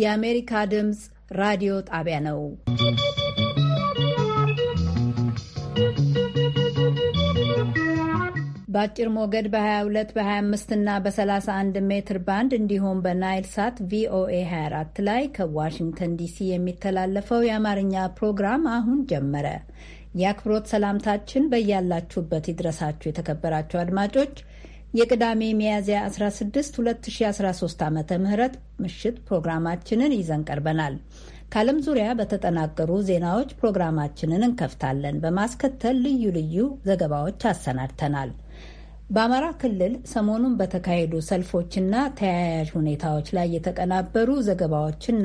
የአሜሪካ ድምፅ ራዲዮ ጣቢያ ነው። በአጭር ሞገድ በ22 በ25 እና በ31 ሜትር ባንድ እንዲሁም በናይል ሳት ቪኦኤ 24 ላይ ከዋሽንግተን ዲሲ የሚተላለፈው የአማርኛ ፕሮግራም አሁን ጀመረ። የአክብሮት ሰላምታችን በያላችሁበት ይድረሳችሁ የተከበራችሁ አድማጮች። የቅዳሜ ሚያዝያ 16 2013 ዓ ም ምሽት ፕሮግራማችንን ይዘን ቀርበናል። ከዓለም ዙሪያ በተጠናቀሩ ዜናዎች ፕሮግራማችንን እንከፍታለን። በማስከተል ልዩ ልዩ ዘገባዎች አሰናድተናል። በአማራ ክልል ሰሞኑን በተካሄዱ ሰልፎችና ተያያዥ ሁኔታዎች ላይ የተቀናበሩ ዘገባዎችና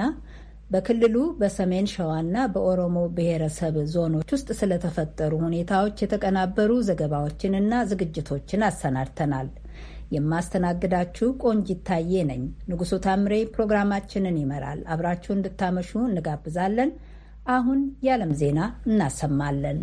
በክልሉ በሰሜን ሸዋና በኦሮሞ ብሔረሰብ ዞኖች ውስጥ ስለተፈጠሩ ሁኔታዎች የተቀናበሩ ዘገባዎችንና ዝግጅቶችን አሰናድተናል። የማስተናግዳችሁ ቆንጂት ታዬ ነኝ። ንጉሱ ታምሬ ፕሮግራማችንን ይመራል። አብራችሁ እንድታመሹ እንጋብዛለን። አሁን የዓለም ዜና እናሰማለን።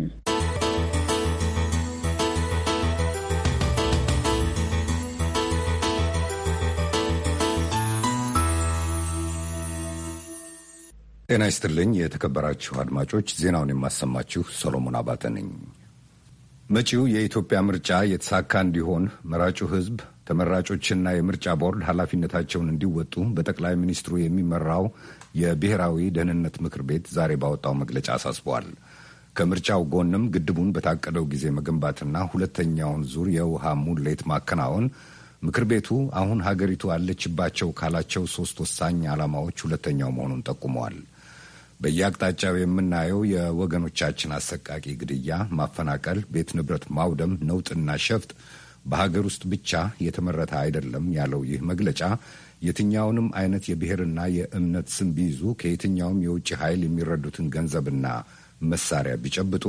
ጤና ይስጥልኝ የተከበራችሁ አድማጮች፣ ዜናውን የማሰማችሁ ሰሎሞን አባተ ነኝ። መጪው የኢትዮጵያ ምርጫ የተሳካ እንዲሆን መራጩ ሕዝብ ተመራጮችና የምርጫ ቦርድ ኃላፊነታቸውን እንዲወጡ በጠቅላይ ሚኒስትሩ የሚመራው የብሔራዊ ደህንነት ምክር ቤት ዛሬ ባወጣው መግለጫ አሳስቧል። ከምርጫው ጎንም ግድቡን በታቀደው ጊዜ መገንባትና ሁለተኛውን ዙር የውሃ ሙሌት ማከናወን ምክር ቤቱ አሁን ሀገሪቱ አለችባቸው ካላቸው ሶስት ወሳኝ ዓላማዎች ሁለተኛው መሆኑን ጠቁመዋል። በየአቅጣጫው የምናየው የወገኖቻችን አሰቃቂ ግድያ፣ ማፈናቀል፣ ቤት ንብረት ማውደም፣ ነውጥና ሸፍጥ በሀገር ውስጥ ብቻ የተመረተ አይደለም ያለው ይህ መግለጫ የትኛውንም አይነት የብሔርና የእምነት ስም ቢይዙ ከየትኛውም የውጭ ኃይል የሚረዱትን ገንዘብና መሳሪያ ቢጨብጡ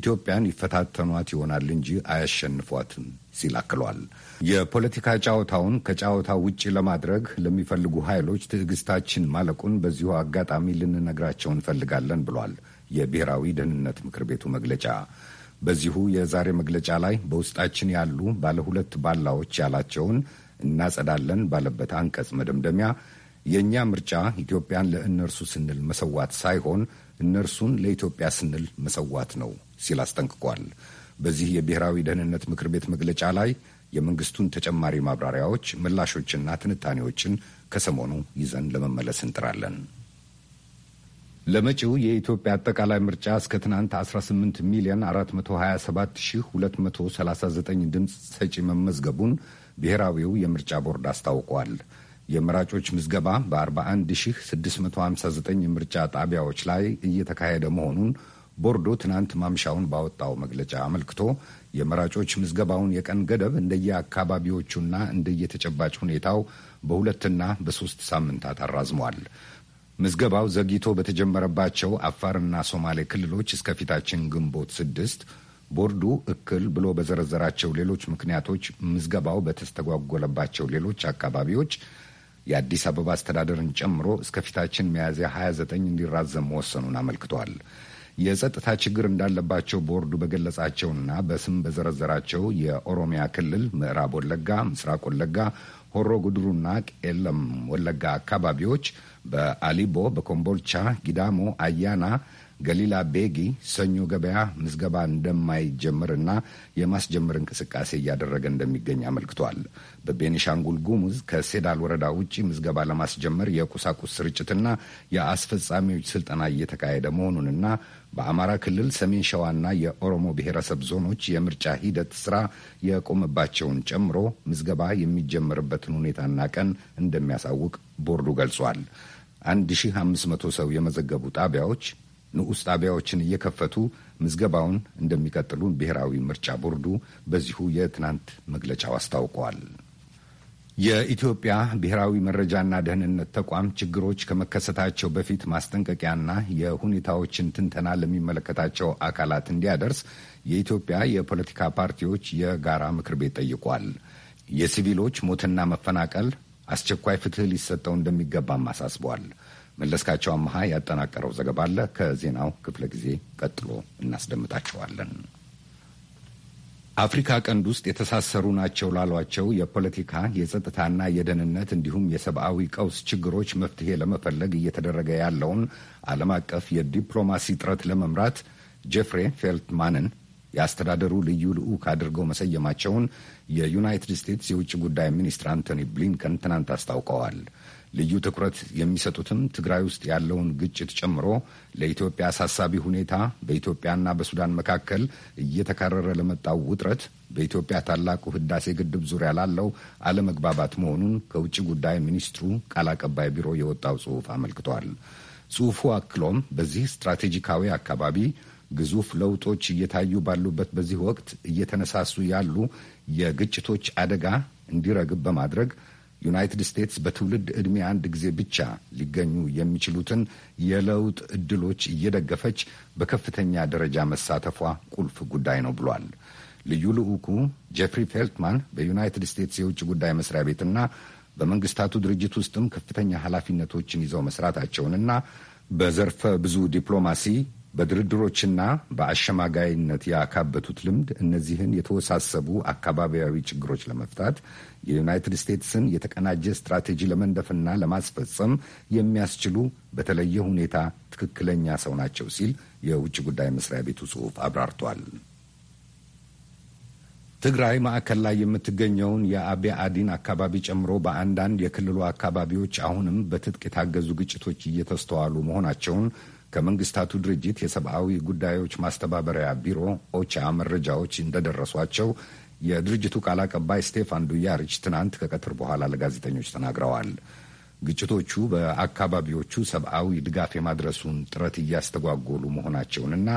ኢትዮጵያን ይፈታተኗት ይሆናል እንጂ አያሸንፏትም ሲል አክሏል። የፖለቲካ ጨዋታውን ከጫዋታ ውጭ ለማድረግ ለሚፈልጉ ኃይሎች ትዕግስታችን ማለቁን በዚሁ አጋጣሚ ልንነግራቸው እንፈልጋለን ብሏል የብሔራዊ ደህንነት ምክር ቤቱ መግለጫ። በዚሁ የዛሬ መግለጫ ላይ በውስጣችን ያሉ ባለ ሁለት ባላዎች ያላቸውን እናጸዳለን ባለበት አንቀጽ መደምደሚያ የእኛ ምርጫ ኢትዮጵያን ለእነርሱ ስንል መሰዋት ሳይሆን እነርሱን ለኢትዮጵያ ስንል መሰዋት ነው ሲል አስጠንቅቋል። በዚህ የብሔራዊ ደህንነት ምክር ቤት መግለጫ ላይ የመንግስቱን ተጨማሪ ማብራሪያዎች፣ ምላሾችና ትንታኔዎችን ከሰሞኑ ይዘን ለመመለስ እንጥራለን። ለመጪው የኢትዮጵያ አጠቃላይ ምርጫ እስከ ትናንት 18 ሚሊዮን 427239 ድምፅ ሰጪ መመዝገቡን ብሔራዊው የምርጫ ቦርድ አስታውቋል። የመራጮች ምዝገባ በ41659 የምርጫ ጣቢያዎች ላይ እየተካሄደ መሆኑን ቦርዱ ትናንት ማምሻውን ባወጣው መግለጫ አመልክቶ የመራጮች ምዝገባውን የቀን ገደብ እንደየአካባቢዎቹና እንደየተጨባጭ ሁኔታው በሁለትና በሶስት ሳምንታት አራዝሟል። ምዝገባው ዘግይቶ በተጀመረባቸው አፋርና ሶማሌ ክልሎች እስከፊታችን ግንቦት ስድስት ቦርዱ እክል ብሎ በዘረዘራቸው ሌሎች ምክንያቶች ምዝገባው በተስተጓጎለባቸው ሌሎች አካባቢዎች የአዲስ አበባ አስተዳደርን ጨምሮ እስከፊታችን ሚያዝያ 29 እንዲራዘም መወሰኑን አመልክቷል። የጸጥታ ችግር እንዳለባቸው ቦርዱ በገለጻቸውና በስም በዘረዘራቸው የኦሮሚያ ክልል ምዕራብ ወለጋ፣ ምስራቅ ወለጋ፣ ሆሮ ጉድሩና ቄለም ወለጋ አካባቢዎች በአሊቦ፣ በኮምቦልቻ፣ ጊዳሞ፣ አያና ገሊላ ቤጊ ሰኞ ገበያ ምዝገባ እንደማይጀምርና የማስጀመር እንቅስቃሴ እያደረገ እንደሚገኝ አመልክቷል። በቤኒሻንጉል ጉሙዝ ከሴዳል ወረዳ ውጪ ምዝገባ ለማስጀመር የቁሳቁስ ስርጭትና የአስፈጻሚዎች ስልጠና እየተካሄደ መሆኑንና በአማራ ክልል ሰሜን ሸዋና የኦሮሞ ብሔረሰብ ዞኖች የምርጫ ሂደት ስራ የቆመባቸውን ጨምሮ ምዝገባ የሚጀመርበትን ሁኔታና ቀን እንደሚያሳውቅ ቦርዱ ገልጿል። 1500 ሰው የመዘገቡ ጣቢያዎች ንዑስ ጣቢያዎችን እየከፈቱ ምዝገባውን እንደሚቀጥሉ ብሔራዊ ምርጫ ቦርዱ በዚሁ የትናንት መግለጫው አስታውቋል። የኢትዮጵያ ብሔራዊ መረጃና ደህንነት ተቋም ችግሮች ከመከሰታቸው በፊት ማስጠንቀቂያና የሁኔታዎችን ትንተና ለሚመለከታቸው አካላት እንዲያደርስ የኢትዮጵያ የፖለቲካ ፓርቲዎች የጋራ ምክር ቤት ጠይቋል። የሲቪሎች ሞትና መፈናቀል አስቸኳይ ፍትህ ሊሰጠው እንደሚገባም አሳስቧል። መለስካቸው አመሀ ያጠናቀረው ዘገባ አለ። ከዜናው ክፍለ ጊዜ ቀጥሎ እናስደምጣቸዋለን። አፍሪካ ቀንድ ውስጥ የተሳሰሩ ናቸው ላሏቸው የፖለቲካ የጸጥታና የደህንነት እንዲሁም የሰብአዊ ቀውስ ችግሮች መፍትሄ ለመፈለግ እየተደረገ ያለውን ዓለም አቀፍ የዲፕሎማሲ ጥረት ለመምራት ጄፍሬ ፌልትማንን የአስተዳደሩ ልዩ ልዑክ አድርገው መሰየማቸውን የዩናይትድ ስቴትስ የውጭ ጉዳይ ሚኒስትር አንቶኒ ብሊንከን ትናንት አስታውቀዋል። ልዩ ትኩረት የሚሰጡትም ትግራይ ውስጥ ያለውን ግጭት ጨምሮ ለኢትዮጵያ አሳሳቢ ሁኔታ፣ በኢትዮጵያና በሱዳን መካከል እየተካረረ ለመጣው ውጥረት፣ በኢትዮጵያ ታላቁ ህዳሴ ግድብ ዙሪያ ላለው አለመግባባት መሆኑን ከውጭ ጉዳይ ሚኒስትሩ ቃል አቀባይ ቢሮ የወጣው ጽሑፍ አመልክቷል። ጽሑፉ አክሎም በዚህ ስትራቴጂካዊ አካባቢ ግዙፍ ለውጦች እየታዩ ባሉበት በዚህ ወቅት እየተነሳሱ ያሉ የግጭቶች አደጋ እንዲረግብ በማድረግ ዩናይትድ ስቴትስ በትውልድ ዕድሜ አንድ ጊዜ ብቻ ሊገኙ የሚችሉትን የለውጥ ዕድሎች እየደገፈች በከፍተኛ ደረጃ መሳተፏ ቁልፍ ጉዳይ ነው ብሏል። ልዩ ልዑኩ ጄፍሪ ፌልትማን በዩናይትድ ስቴትስ የውጭ ጉዳይ መስሪያ ቤትና በመንግስታቱ ድርጅት ውስጥም ከፍተኛ ኃላፊነቶችን ይዘው መስራታቸውንና በዘርፈ ብዙ ዲፕሎማሲ በድርድሮችና በአሸማጋይነት ያካበቱት ልምድ እነዚህን የተወሳሰቡ አካባቢያዊ ችግሮች ለመፍታት የዩናይትድ ስቴትስን የተቀናጀ ስትራቴጂ ለመንደፍና ለማስፈጸም የሚያስችሉ በተለየ ሁኔታ ትክክለኛ ሰው ናቸው ሲል የውጭ ጉዳይ መስሪያ ቤቱ ጽሑፍ አብራርቷል። ትግራይ ማዕከል ላይ የምትገኘውን የአቤ አዲን አካባቢ ጨምሮ በአንዳንድ የክልሉ አካባቢዎች አሁንም በትጥቅ የታገዙ ግጭቶች እየተስተዋሉ መሆናቸውን ከመንግስታቱ ድርጅት የሰብአዊ ጉዳዮች ማስተባበሪያ ቢሮ ኦቻ መረጃዎች እንደደረሷቸው የድርጅቱ ቃል አቀባይ ስቴፋን ዱያሪች ትናንት ከቀትር በኋላ ለጋዜጠኞች ተናግረዋል። ግጭቶቹ በአካባቢዎቹ ሰብአዊ ድጋፍ የማድረሱን ጥረት እያስተጓጎሉ መሆናቸውንና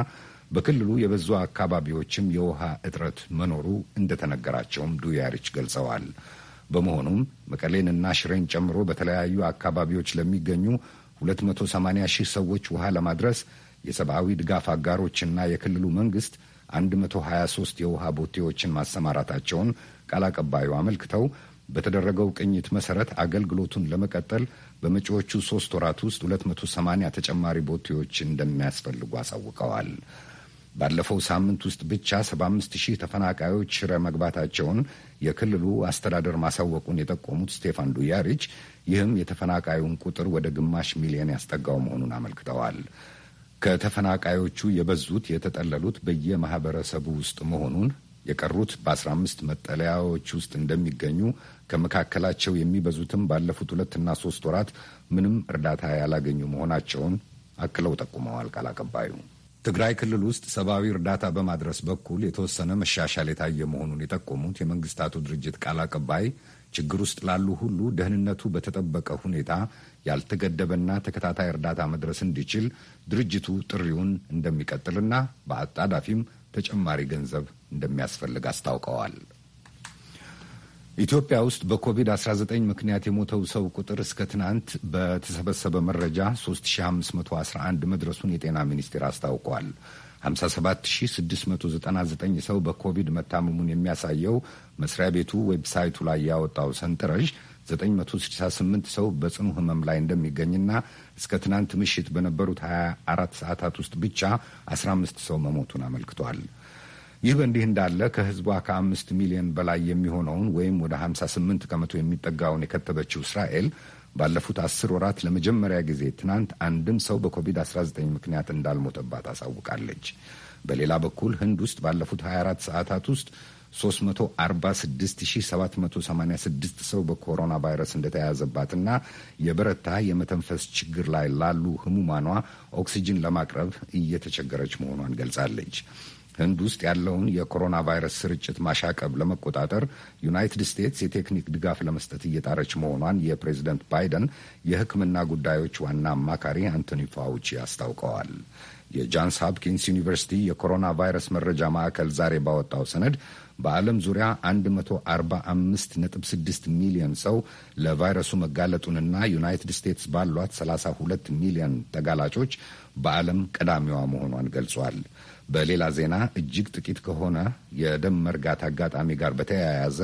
በክልሉ የበዙ አካባቢዎችም የውሃ እጥረት መኖሩ እንደተነገራቸውም ዱያሪች ገልጸዋል። በመሆኑም መቀሌንና ሽሬን ጨምሮ በተለያዩ አካባቢዎች ለሚገኙ 280 ሺህ ሰዎች ውሃ ለማድረስ የሰብአዊ ድጋፍ አጋሮችና የክልሉ መንግስት 123 የውሃ ቦቴዎችን ማሰማራታቸውን ቃል አቀባዩ አመልክተው በተደረገው ቅኝት መሰረት አገልግሎቱን ለመቀጠል በመጪዎቹ ሶስት ወራት ውስጥ 280 ተጨማሪ ቦቴዎች እንደሚያስፈልጉ አሳውቀዋል። ባለፈው ሳምንት ውስጥ ብቻ 75 ሺህ ተፈናቃዮች ሽረ መግባታቸውን የክልሉ አስተዳደር ማሳወቁን የጠቆሙት ስቴፋን ዱያሪች ይህም የተፈናቃዩን ቁጥር ወደ ግማሽ ሚሊዮን ያስጠጋው መሆኑን አመልክተዋል። ከተፈናቃዮቹ የበዙት የተጠለሉት በየማህበረሰቡ ውስጥ መሆኑን የቀሩት በ15 መጠለያዎች ውስጥ እንደሚገኙ ከመካከላቸው የሚበዙትም ባለፉት ሁለትና ሶስት ወራት ምንም እርዳታ ያላገኙ መሆናቸውን አክለው ጠቁመዋል ቃል አቀባዩ። ትግራይ ክልል ውስጥ ሰብአዊ እርዳታ በማድረስ በኩል የተወሰነ መሻሻል የታየ መሆኑን የጠቆሙት የመንግስታቱ ድርጅት ቃል አቀባይ ችግር ውስጥ ላሉ ሁሉ ደህንነቱ በተጠበቀ ሁኔታ ያልተገደበና ተከታታይ እርዳታ መድረስ እንዲችል ድርጅቱ ጥሪውን እንደሚቀጥልና በአጣዳፊም ተጨማሪ ገንዘብ እንደሚያስፈልግ አስታውቀዋል። ኢትዮጵያ ውስጥ በኮቪድ-19 ምክንያት የሞተው ሰው ቁጥር እስከ ትናንት በተሰበሰበ መረጃ 3511 መድረሱን የጤና ሚኒስቴር አስታውቋል። 57699 ሰው በኮቪድ መታመሙን የሚያሳየው መስሪያ ቤቱ ዌብሳይቱ ላይ ያወጣው ሰንጠረዥ 968 ሰው በጽኑ ህመም ላይ እንደሚገኝና እስከ ትናንት ምሽት በነበሩት 24 ሰዓታት ውስጥ ብቻ 15 ሰው መሞቱን አመልክቷል። ይህ በእንዲህ እንዳለ ከህዝቧ ከአምስት ሚሊዮን በላይ የሚሆነውን ወይም ወደ 58 ከመቶ የሚጠጋውን የከተበችው እስራኤል ባለፉት አስር ወራት ለመጀመሪያ ጊዜ ትናንት አንድም ሰው በኮቪድ-19 ምክንያት እንዳልሞተባት አሳውቃለች። በሌላ በኩል ህንድ ውስጥ ባለፉት 24 ሰዓታት ውስጥ 346786 ሰው በኮሮና ቫይረስ እንደተያያዘባትና የበረታ የመተንፈስ ችግር ላይ ላሉ ህሙማኗ ኦክሲጅን ለማቅረብ እየተቸገረች መሆኗን ገልጻለች። ህንድ ውስጥ ያለውን የኮሮና ቫይረስ ስርጭት ማሻቀብ ለመቆጣጠር ዩናይትድ ስቴትስ የቴክኒክ ድጋፍ ለመስጠት እየጣረች መሆኗን የፕሬዚደንት ባይደን የሕክምና ጉዳዮች ዋና አማካሪ አንቶኒ ፋውቺ አስታውቀዋል። የጃንስ ሀፕኪንስ ዩኒቨርሲቲ የኮሮና ቫይረስ መረጃ ማዕከል ዛሬ ባወጣው ሰነድ በዓለም ዙሪያ 145.6 ሚሊዮን ሰው ለቫይረሱ መጋለጡንና ዩናይትድ ስቴትስ ባሏት 32 ሚሊዮን ተጋላጮች በዓለም ቀዳሚዋ መሆኗን ገልጿል። በሌላ ዜና እጅግ ጥቂት ከሆነ የደም መርጋት አጋጣሚ ጋር በተያያዘ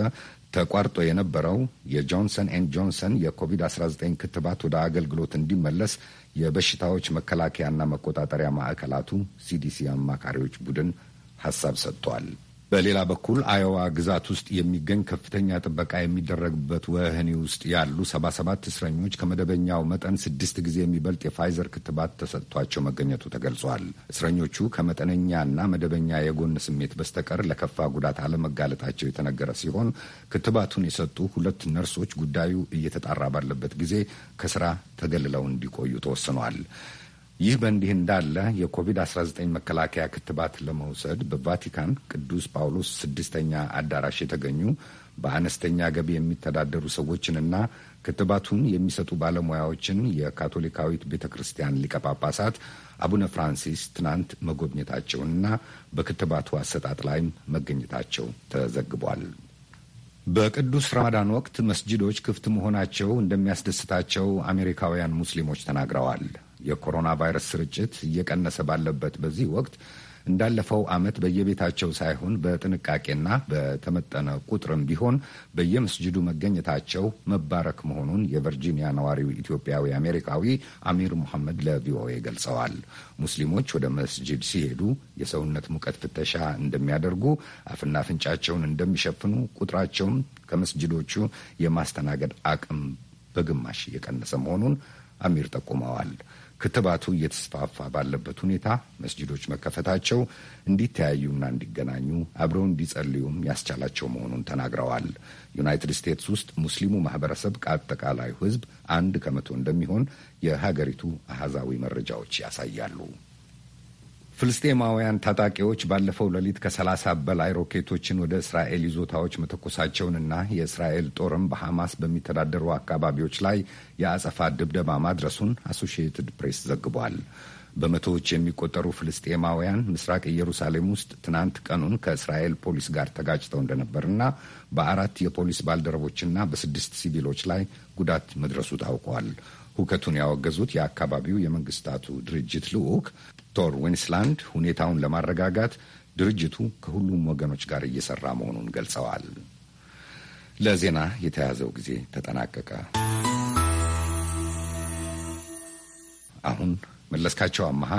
ተቋርጦ የነበረው የጆንሰን ኤንድ ጆንሰን የኮቪድ-19 ክትባት ወደ አገልግሎት እንዲመለስ የበሽታዎች መከላከያና መቆጣጠሪያ ማዕከላቱ ሲዲሲ አማካሪዎች ቡድን ሀሳብ ሰጥቷል። በሌላ በኩል አዮዋ ግዛት ውስጥ የሚገኝ ከፍተኛ ጥበቃ የሚደረግበት ወህኒ ውስጥ ያሉ 77 እስረኞች ከመደበኛው መጠን ስድስት ጊዜ የሚበልጥ የፋይዘር ክትባት ተሰጥቷቸው መገኘቱ ተገልጿል። እስረኞቹ ከመጠነኛና መደበኛ የጎን ስሜት በስተቀር ለከፋ ጉዳት አለመጋለጣቸው የተነገረ ሲሆን ክትባቱን የሰጡ ሁለት ነርሶች ጉዳዩ እየተጣራ ባለበት ጊዜ ከስራ ተገልለው እንዲቆዩ ተወስኗል። ይህ በእንዲህ እንዳለ የኮቪድ-19 መከላከያ ክትባት ለመውሰድ በቫቲካን ቅዱስ ጳውሎስ ስድስተኛ አዳራሽ የተገኙ በአነስተኛ ገቢ የሚተዳደሩ ሰዎችንና ክትባቱን የሚሰጡ ባለሙያዎችን የካቶሊካዊት ቤተ ክርስቲያን ሊቀ ጳጳሳት አቡነ ፍራንሲስ ትናንት መጎብኘታቸውንና በክትባቱ አሰጣጥ ላይም መገኘታቸው ተዘግቧል። በቅዱስ ረማዳን ወቅት መስጂዶች ክፍት መሆናቸው እንደሚያስደስታቸው አሜሪካውያን ሙስሊሞች ተናግረዋል። የኮሮና ቫይረስ ስርጭት እየቀነሰ ባለበት በዚህ ወቅት እንዳለፈው ዓመት በየቤታቸው ሳይሆን በጥንቃቄና በተመጠነ ቁጥርም ቢሆን በየመስጅዱ መገኘታቸው መባረክ መሆኑን የቨርጂኒያ ነዋሪው ኢትዮጵያዊ አሜሪካዊ አሚር ሙሐመድ ለቪኦኤ ገልጸዋል። ሙስሊሞች ወደ መስጅድ ሲሄዱ የሰውነት ሙቀት ፍተሻ እንደሚያደርጉ፣ አፍና አፍንጫቸውን እንደሚሸፍኑ፣ ቁጥራቸውም ከመስጅዶቹ የማስተናገድ አቅም በግማሽ እየቀነሰ መሆኑን አሚር ጠቁመዋል። ክትባቱ እየተስፋፋ ባለበት ሁኔታ መስጅዶች መከፈታቸው እንዲተያዩና እንዲገናኙ አብረው እንዲጸልዩም ያስቻላቸው መሆኑን ተናግረዋል። ዩናይትድ ስቴትስ ውስጥ ሙስሊሙ ማህበረሰብ ከአጠቃላዩ ሕዝብ አንድ ከመቶ እንደሚሆን የሀገሪቱ አሃዛዊ መረጃዎች ያሳያሉ። ፍልስጤማውያን ታጣቂዎች ባለፈው ሌሊት ከሰላሳ በላይ ሮኬቶችን ወደ እስራኤል ይዞታዎች መተኮሳቸውንና የእስራኤል ጦርም በሐማስ በሚተዳደሩ አካባቢዎች ላይ የአጸፋ ድብደባ ማድረሱን አሶሺየትድ ፕሬስ ዘግቧል። በመቶዎች የሚቆጠሩ ፍልስጤማውያን ምስራቅ ኢየሩሳሌም ውስጥ ትናንት ቀኑን ከእስራኤል ፖሊስ ጋር ተጋጭተው እንደነበርና በአራት የፖሊስ ባልደረቦችና በስድስት ሲቪሎች ላይ ጉዳት መድረሱ ታውቋል። ሁከቱን ያወገዙት የአካባቢው የመንግስታቱ ድርጅት ልዑክ ቶር ዊንስላንድ ሁኔታውን ለማረጋጋት ድርጅቱ ከሁሉም ወገኖች ጋር እየሰራ መሆኑን ገልጸዋል። ለዜና የተያዘው ጊዜ ተጠናቀቀ። አሁን መለስካቸው አመሃ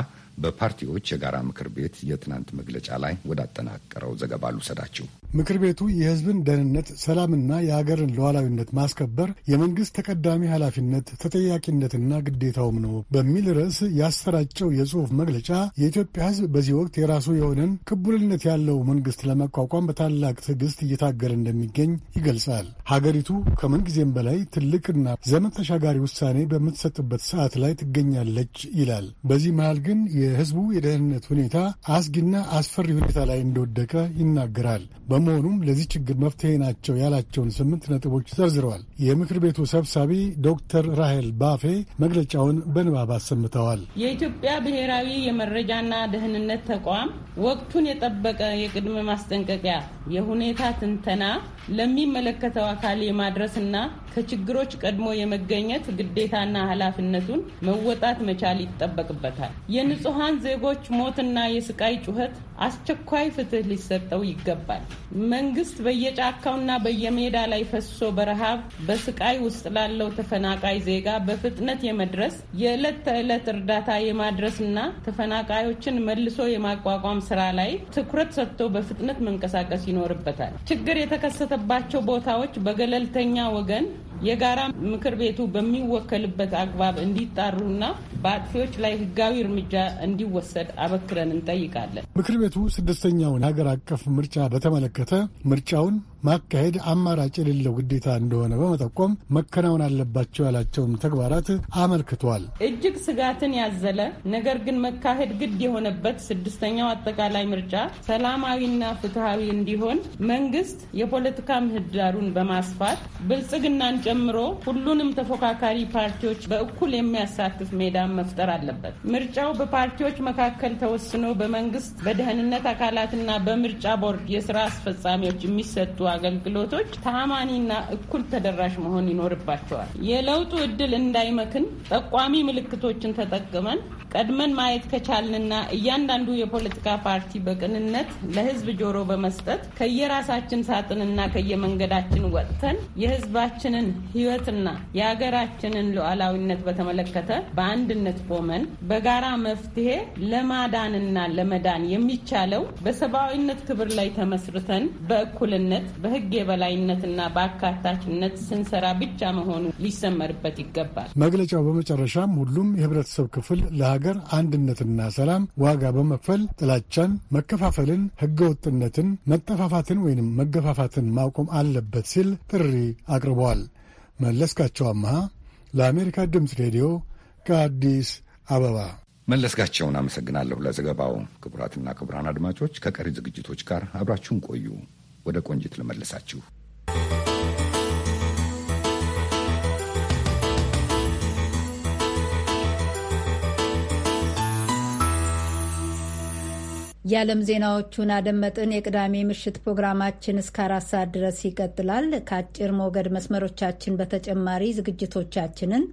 በፓርቲዎች የጋራ ምክር ቤት የትናንት መግለጫ ላይ ወዳጠናቀረው ዘገባ ልውሰዳችሁ። ምክር ቤቱ የህዝብን ደህንነት፣ ሰላምና የሀገርን ሉዓላዊነት ማስከበር የመንግሥት ተቀዳሚ ኃላፊነት ተጠያቂነትና ግዴታውም ነው በሚል ርዕስ ያሰራጨው የጽሑፍ መግለጫ የኢትዮጵያ ህዝብ በዚህ ወቅት የራሱ የሆነን ቅቡልነት ያለው መንግሥት ለመቋቋም በታላቅ ትዕግሥት እየታገለ እንደሚገኝ ይገልጻል። ሀገሪቱ ከምንጊዜም በላይ ትልቅና ዘመን ተሻጋሪ ውሳኔ በምትሰጥበት ሰዓት ላይ ትገኛለች ይላል። በዚህ መሃል ግን የህዝቡ የደህንነት ሁኔታ አስጊና አስፈሪ ሁኔታ ላይ እንደወደቀ ይናገራል። በመሆኑም ለዚህ ችግር መፍትሄ ናቸው ያላቸውን ስምንት ነጥቦች ዘርዝረዋል። የምክር ቤቱ ሰብሳቢ ዶክተር ራሄል ባፌ መግለጫውን በንባብ አሰምተዋል። የኢትዮጵያ ብሔራዊ የመረጃና ደህንነት ተቋም ወቅቱን የጠበቀ የቅድመ ማስጠንቀቂያ የሁኔታ ትንተና ለሚመለከተው አካል የማድረስና ከችግሮች ቀድሞ የመገኘት ግዴታና ኃላፊነቱን መወጣት መቻል ይጠበቅበታል። የንጹሐን ዜጎች ሞትና የስቃይ ጩኸት አስቸኳይ ፍትህ ሊሰጠው ይገባል። መንግስት በየጫካውና በየሜዳ ላይ ፈሶ በረሃብ በስቃይ ውስጥ ላለው ተፈናቃይ ዜጋ በፍጥነት የመድረስ የዕለት ተዕለት እርዳታ የማድረስና ተፈናቃዮችን መልሶ የማቋቋም ስራ ላይ ትኩረት ሰጥቶ በፍጥነት መንቀሳቀስ ይኖርበታል። ችግር የተከሰተባቸው ቦታዎች በገለልተኛ ወገን የጋራ ምክር ቤቱ በሚወከልበት አግባብ እንዲጣሩና በአጥፊዎች ላይ ህጋዊ እርምጃ እንዲወሰድ አበክረን እንጠይቃለን። ቤቱ ስድስተኛውን ሀገር አቀፍ ምርጫ በተመለከተ ምርጫውን ማካሄድ አማራጭ የሌለው ግዴታ እንደሆነ በመጠቆም መከናወን አለባቸው ያላቸውም ተግባራት አመልክቷል። እጅግ ስጋትን ያዘለ ነገር ግን መካሄድ ግድ የሆነበት ስድስተኛው አጠቃላይ ምርጫ ሰላማዊና ፍትሐዊ እንዲሆን መንግስት የፖለቲካ ምህዳሩን በማስፋት ብልጽግናን ጨምሮ ሁሉንም ተፎካካሪ ፓርቲዎች በእኩል የሚያሳትፍ ሜዳ መፍጠር አለበት። ምርጫው በፓርቲዎች መካከል ተወስኖ በመንግስት በደህንነት አካላትና በምርጫ ቦርድ የስራ አስፈጻሚዎች የሚሰጡ አገልግሎቶች ታማኒና እኩል ተደራሽ መሆን ይኖርባቸዋል። የለውጡ እድል እንዳይመክን ጠቋሚ ምልክቶችን ተጠቅመን ቀድመን ማየት ከቻልንና እያንዳንዱ የፖለቲካ ፓርቲ በቅንነት ለሕዝብ ጆሮ በመስጠት ከየራሳችን ሳጥንና ከየመንገዳችን ወጥተን የሕዝባችንን ሕይወትና የሀገራችንን ሉዓላዊነት በተመለከተ በአንድነት ቆመን በጋራ መፍትሄ ለማዳንና ለመዳን የሚቻለው በሰብአዊነት ክብር ላይ ተመስርተን በእኩልነት በህግ የበላይነትና በአካታችነት ስንሰራ ብቻ መሆኑ ሊሰመርበት ይገባል። መግለጫው በመጨረሻም ሁሉም የህብረተሰብ ክፍል ለሀገር አንድነትና ሰላም ዋጋ በመክፈል ጥላቻን፣ መከፋፈልን፣ ህገወጥነትን፣ መጠፋፋትን ወይንም መገፋፋትን ማቆም አለበት ሲል ጥሪ አቅርበዋል። መለስካቸው አመሃ ለአሜሪካ ድምፅ ሬዲዮ ከአዲስ አበባ። መለስጋቸውን አመሰግናለሁ ለዘገባው። ክቡራትና ክቡራን አድማጮች ከቀሪ ዝግጅቶች ጋር አብራችሁን ቆዩ። ወደ ቆንጅት ልመልሳችሁ። የዓለም ዜናዎቹን አደመጥን። የቅዳሜ ምሽት ፕሮግራማችን እስከ አራት ሰዓት ድረስ ይቀጥላል። ከአጭር ሞገድ መስመሮቻችን በተጨማሪ ዝግጅቶቻችንን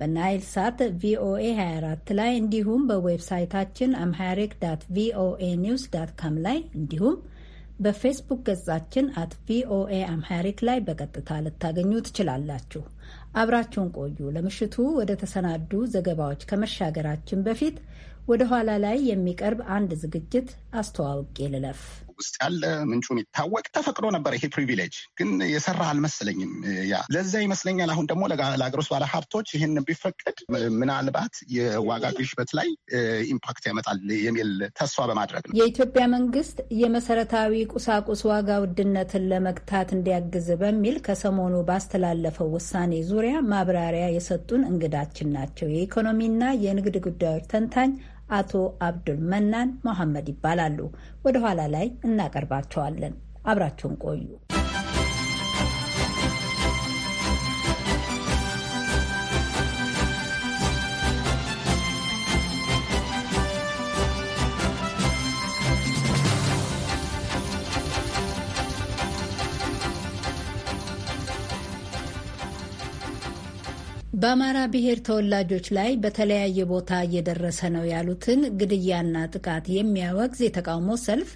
በናይል ሳት ቪኦኤ 24 ላይ እንዲሁም በዌብሳይታችን አምሃሪክ ዳት ቪኦኤ ኒውስ ዳት ካም ላይ እንዲሁም በፌስቡክ ገጻችን አት ቪኦኤ አምሃሪክ ላይ በቀጥታ ልታገኙ ትችላላችሁ። አብራችሁን ቆዩ። ለምሽቱ ወደ ተሰናዱ ዘገባዎች ከመሻገራችን በፊት ወደ ኋላ ላይ የሚቀርብ አንድ ዝግጅት አስተዋውቄ ልለፍ። ውስጥ ያለ ምንጩ የሚታወቅ ተፈቅዶ ነበር። ይሄ ፕሪቪሌጅ ግን የሰራ አልመሰለኝም። ያ ለዛ ይመስለኛል። አሁን ደግሞ ለሀገር ውስጥ ባለሀብቶች ይህን ቢፈቀድ ምናልባት የዋጋ ግሽበት ላይ ኢምፓክት ያመጣል የሚል ተስፋ በማድረግ ነው። የኢትዮጵያ መንግስት የመሰረታዊ ቁሳቁስ ዋጋ ውድነትን ለመግታት እንዲያግዝ በሚል ከሰሞኑ ባስተላለፈው ውሳኔ ዙሪያ ማብራሪያ የሰጡን እንግዳችን ናቸው። የኢኮኖሚና የንግድ ጉዳዮች ተንታኝ አቶ አብዱል መናን መሐመድ ይባላሉ። ወደ ኋላ ላይ እናቀርባቸዋለን። አብራቸውን ቆዩ። በአማራ ብሔር ተወላጆች ላይ በተለያየ ቦታ እየደረሰ ነው ያሉትን ግድያና ጥቃት የሚያወግዝ የተቃውሞ ሰልፍ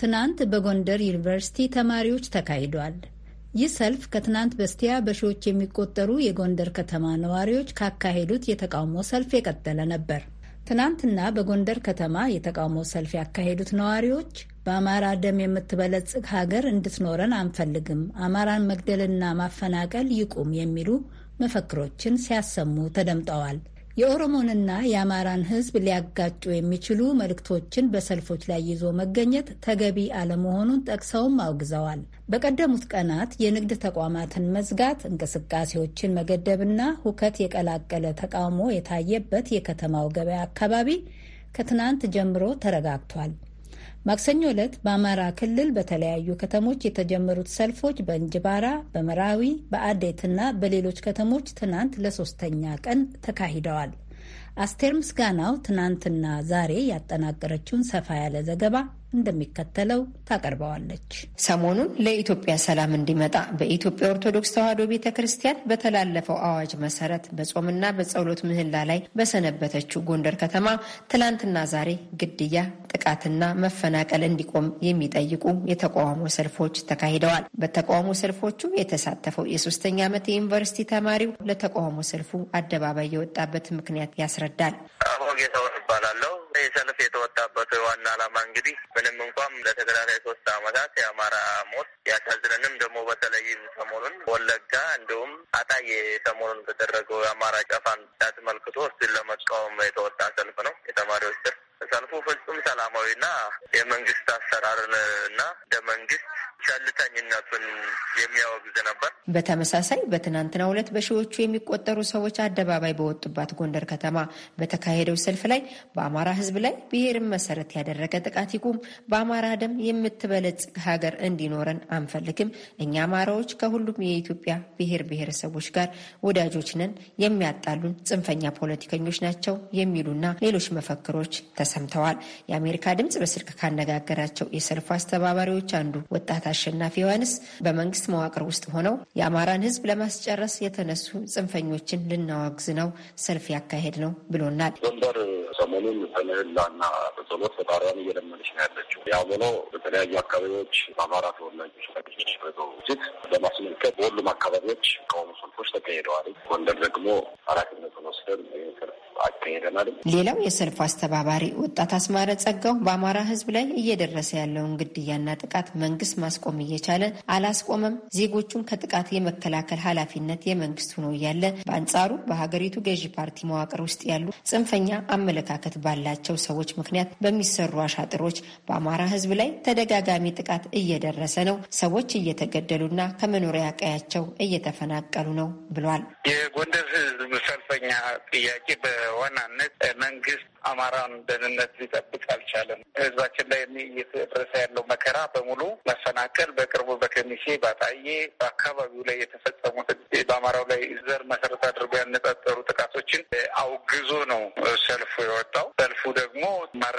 ትናንት በጎንደር ዩኒቨርሲቲ ተማሪዎች ተካሂዷል። ይህ ሰልፍ ከትናንት በስቲያ በሺዎች የሚቆጠሩ የጎንደር ከተማ ነዋሪዎች ካካሄዱት የተቃውሞ ሰልፍ የቀጠለ ነበር። ትናንትና በጎንደር ከተማ የተቃውሞ ሰልፍ ያካሄዱት ነዋሪዎች በአማራ ደም የምትበለጽግ ሀገር እንድትኖረን አንፈልግም፣ አማራን መግደልና ማፈናቀል ይቁም የሚሉ መፈክሮችን ሲያሰሙ ተደምጠዋል። የኦሮሞንና የአማራን ሕዝብ ሊያጋጩ የሚችሉ መልእክቶችን በሰልፎች ላይ ይዞ መገኘት ተገቢ አለመሆኑን ጠቅሰውም አውግዘዋል። በቀደሙት ቀናት የንግድ ተቋማትን መዝጋት፣ እንቅስቃሴዎችን መገደብና ሁከት የቀላቀለ ተቃውሞ የታየበት የከተማው ገበያ አካባቢ ከትናንት ጀምሮ ተረጋግቷል። ማክሰኞ ዕለት በአማራ ክልል በተለያዩ ከተሞች የተጀመሩት ሰልፎች በእንጅባራ፣ በመራዊ፣ በአዴት እና በሌሎች ከተሞች ትናንት ለሶስተኛ ቀን ተካሂደዋል። አስቴር ምስጋናው ትናንትና ዛሬ ያጠናቀረችውን ሰፋ ያለ ዘገባ እንደሚከተለው ታቀርበዋለች። ሰሞኑን ለኢትዮጵያ ሰላም እንዲመጣ በኢትዮጵያ ኦርቶዶክስ ተዋሕዶ ቤተ ክርስቲያን በተላለፈው አዋጅ መሰረት በጾምና በጸሎት ምህላ ላይ በሰነበተችው ጎንደር ከተማ ትላንትና ዛሬ ግድያ፣ ጥቃትና መፈናቀል እንዲቆም የሚጠይቁ የተቃውሞ ሰልፎች ተካሂደዋል። በተቃውሞ ሰልፎቹ የተሳተፈው የሶስተኛ ዓመት የዩኒቨርሲቲ ተማሪው ለተቃውሞ ሰልፉ አደባባይ የወጣበት ምክንያት ያስረዳል። አሁን ይባላለው። ይህ ሰልፍ የመጣንበት ዋና ዓላማ እንግዲህ ምንም እንኳም ለተከታታይ ሶስት አመታት የአማራ ሞት ያሳዝነንም ደግሞ በተለይም ሰሞኑን ወለጋ እንዲሁም አጣዬ ሰሞኑን በተደረገው የአማራ ጨፋን ያስመልክቶ እሱን ለመቃወም የተወጣ ሰልፍ ነው የተማሪዎች ሰልፉ ፍጹም ሰላማዊና የመንግስት አሰራርን እና እንደ መንግስት ቸልተኝነቱን የሚያወግዝ ነበር። በተመሳሳይ በትናንትናው ዕለት በሺዎቹ የሚቆጠሩ ሰዎች አደባባይ በወጡባት ጎንደር ከተማ በተካሄደው ሰልፍ ላይ በአማራ ሕዝብ ላይ ብሔርን መሰረት ያደረገ ጥቃት ይቁም፣ በአማራ ደም የምትበለጽግ ሀገር እንዲኖረን አንፈልግም፣ እኛ አማራዎች ከሁሉም የኢትዮጵያ ብሔር ብሔረሰቦች ጋር ወዳጆች ነን፣ የሚያጣሉን ጽንፈኛ ፖለቲከኞች ናቸው የሚሉና ሌሎች መፈክሮች ተሰምተዋል። የአሜሪካ ድምጽ በስልክ ካነጋገራቸው የሰልፉ አስተባባሪዎች አንዱ ወጣት አሸናፊ ዮሐንስ በመንግስት መዋቅር ውስጥ ሆነው የአማራን ህዝብ ለማስጨረስ የተነሱ ጽንፈኞችን ልናወግዝ ነው ሰልፍ ያካሄድ ነው ብሎናል። ጎንደር ሰሞኑን በምህላና በጸሎት ፈጣሪያን እየለመነች ነው ያለችው። ያ ሆኖ በተለያዩ አካባቢዎች በአማራ ተወላጆች የሚደረገው ውይይት ለማስመልከት በሁሉም አካባቢዎች ከሆኑ ሰልፎች ተካሂደዋል። ጎንደር ደግሞ ኃላፊነቱን ወስደን ይህ አካሄደናል። ሌላው የሰልፉ አስተባባሪ ወጣት አስማረ ጸጋው በአማራ ሕዝብ ላይ እየደረሰ ያለውን ግድያና ጥቃት መንግስት ማስቆም እየቻለ አላስቆመም፣ ዜጎቹን ከጥቃት የመከላከል ኃላፊነት የመንግስት ሆኖ እያለ በአንጻሩ በሀገሪቱ ገዢ ፓርቲ መዋቅር ውስጥ ያሉ ጽንፈኛ አመለካከት ባላቸው ሰዎች ምክንያት በሚሰሩ አሻጥሮች በአማራ ሕዝብ ላይ ተደጋጋሚ ጥቃት እየደረሰ ነው፣ ሰዎች እየተገደሉና ከመኖሪያ ቀያቸው እየተፈናቀሉ ነው ብሏል። የጎንደር ሕዝብ ሰልፈኛ ጥያቄ በዋናነት መንግስት አማራን ደህንነት ሊጠብቅ አልቻለም። ህዝባችን ላይ እየተደረሰ ያለው መከራ በሙሉ መፈናቀል፣ በቅርቡ በከሚሴ ባጣዬ፣ በአካባቢው ላይ የተፈጸሙት በአማራው ላይ ዘር መሰረት አድርጎ ያነጣጠሩ ጥቃቶችን አውግዞ ነው ሰልፉ የወጣው።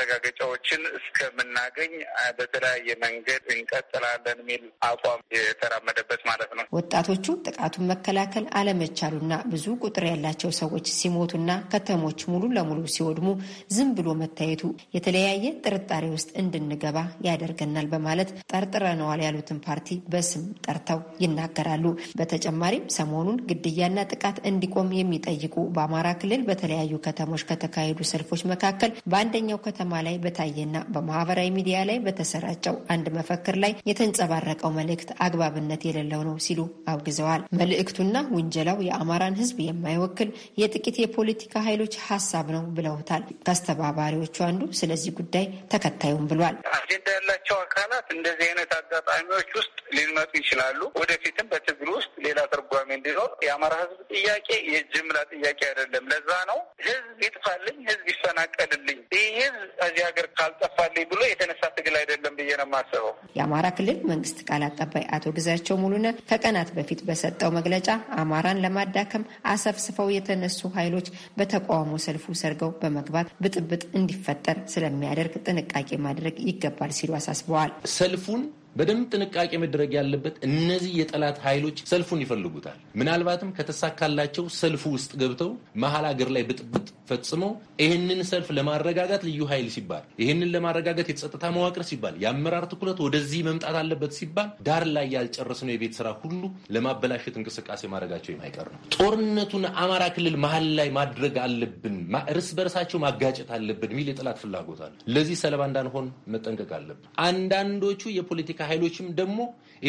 ማረጋገጫዎችን እስከምናገኝ በተለያየ መንገድ እንቀጥላለን የሚል አቋም የተራመደበት ማለት ነው። ወጣቶቹ ጥቃቱን መከላከል አለመቻሉና ብዙ ቁጥር ያላቸው ሰዎች ሲሞቱና ከተሞች ሙሉ ለሙሉ ሲወድሙ ዝም ብሎ መታየቱ የተለያየ ጥርጣሬ ውስጥ እንድንገባ ያደርገናል በማለት ጠርጥረነዋል ያሉትን ፓርቲ በስም ጠርተው ይናገራሉ። በተጨማሪም ሰሞኑን ግድያና ጥቃት እንዲቆም የሚጠይቁ በአማራ ክልል በተለያዩ ከተሞች ከተካሄዱ ሰልፎች መካከል በአንደኛው ከተማ ጁማ ላይ በታየና በማህበራዊ ሚዲያ ላይ በተሰራጨው አንድ መፈክር ላይ የተንጸባረቀው መልእክት አግባብነት የሌለው ነው ሲሉ አውግዘዋል። መልእክቱና ውንጀላው የአማራን ሕዝብ የማይወክል የጥቂት የፖለቲካ ኃይሎች ሀሳብ ነው ብለውታል። ከአስተባባሪዎቹ አንዱ ስለዚህ ጉዳይ ተከታዩም ብሏል። አጀንዳ ያላቸው አካላት እንደዚህ አይነት አጋጣሚዎች ውስጥ ሊመጡ ይችላሉ። ወደፊትም በትግል ውስጥ ሌላ ትርጓሜ እንዲኖር የአማራ ህዝብ ጥያቄ የጅምላ ጥያቄ አይደለም። ለዛ ነው ህዝብ ይጥፋልኝ፣ ሕዝብ ይፈናቀልልኝ፣ ይህ ህዝብ እዚህ ሀገር ካልጠፋልኝ ብሎ የተነሳ ትግል አይደለም ብዬ ነው የማስበው። የአማራ ክልል መንግስት ቃል አቀባይ አቶ ግዛቸው ሙሉነ ከቀናት በፊት በሰጠው መግለጫ አማራን ለማዳከም አሰፍስፈው የተነሱ ኃይሎች በተቃውሞ ሰልፉ ሰርገው በመግባት ብጥብጥ እንዲፈጠር ስለሚያደርግ ጥንቃቄ ማድረግ ይገባል ሲሉ አሳስበዋል። ሰልፉን በደንብ ጥንቃቄ መደረግ ያለበት እነዚህ የጠላት ኃይሎች ሰልፉን ይፈልጉታል። ምናልባትም ከተሳካላቸው ሰልፉ ውስጥ ገብተው መሀል ሀገር ላይ ብጥብጥ ፈጽመው ይህንን ሰልፍ ለማረጋጋት ልዩ ኃይል ሲባል፣ ይህንን ለማረጋጋት የጸጥታ መዋቅር ሲባል፣ የአመራር ትኩረት ወደዚህ መምጣት አለበት ሲባል ዳር ላይ ያልጨረስነው የቤት ስራ ሁሉ ለማበላሸት እንቅስቃሴ ማድረጋቸው የማይቀር ነው። ጦርነቱን አማራ ክልል መሀል ላይ ማድረግ አለብን፣ እርስ በርሳቸው ማጋጨት አለብን የሚል የጠላት ፍላጎት አለ። ለዚህ ሰለባ እንዳንሆን መጠንቀቅ አለብን። አንዳንዶቹ የፖለቲካ የፖለቲካ ኃይሎችም ደግሞ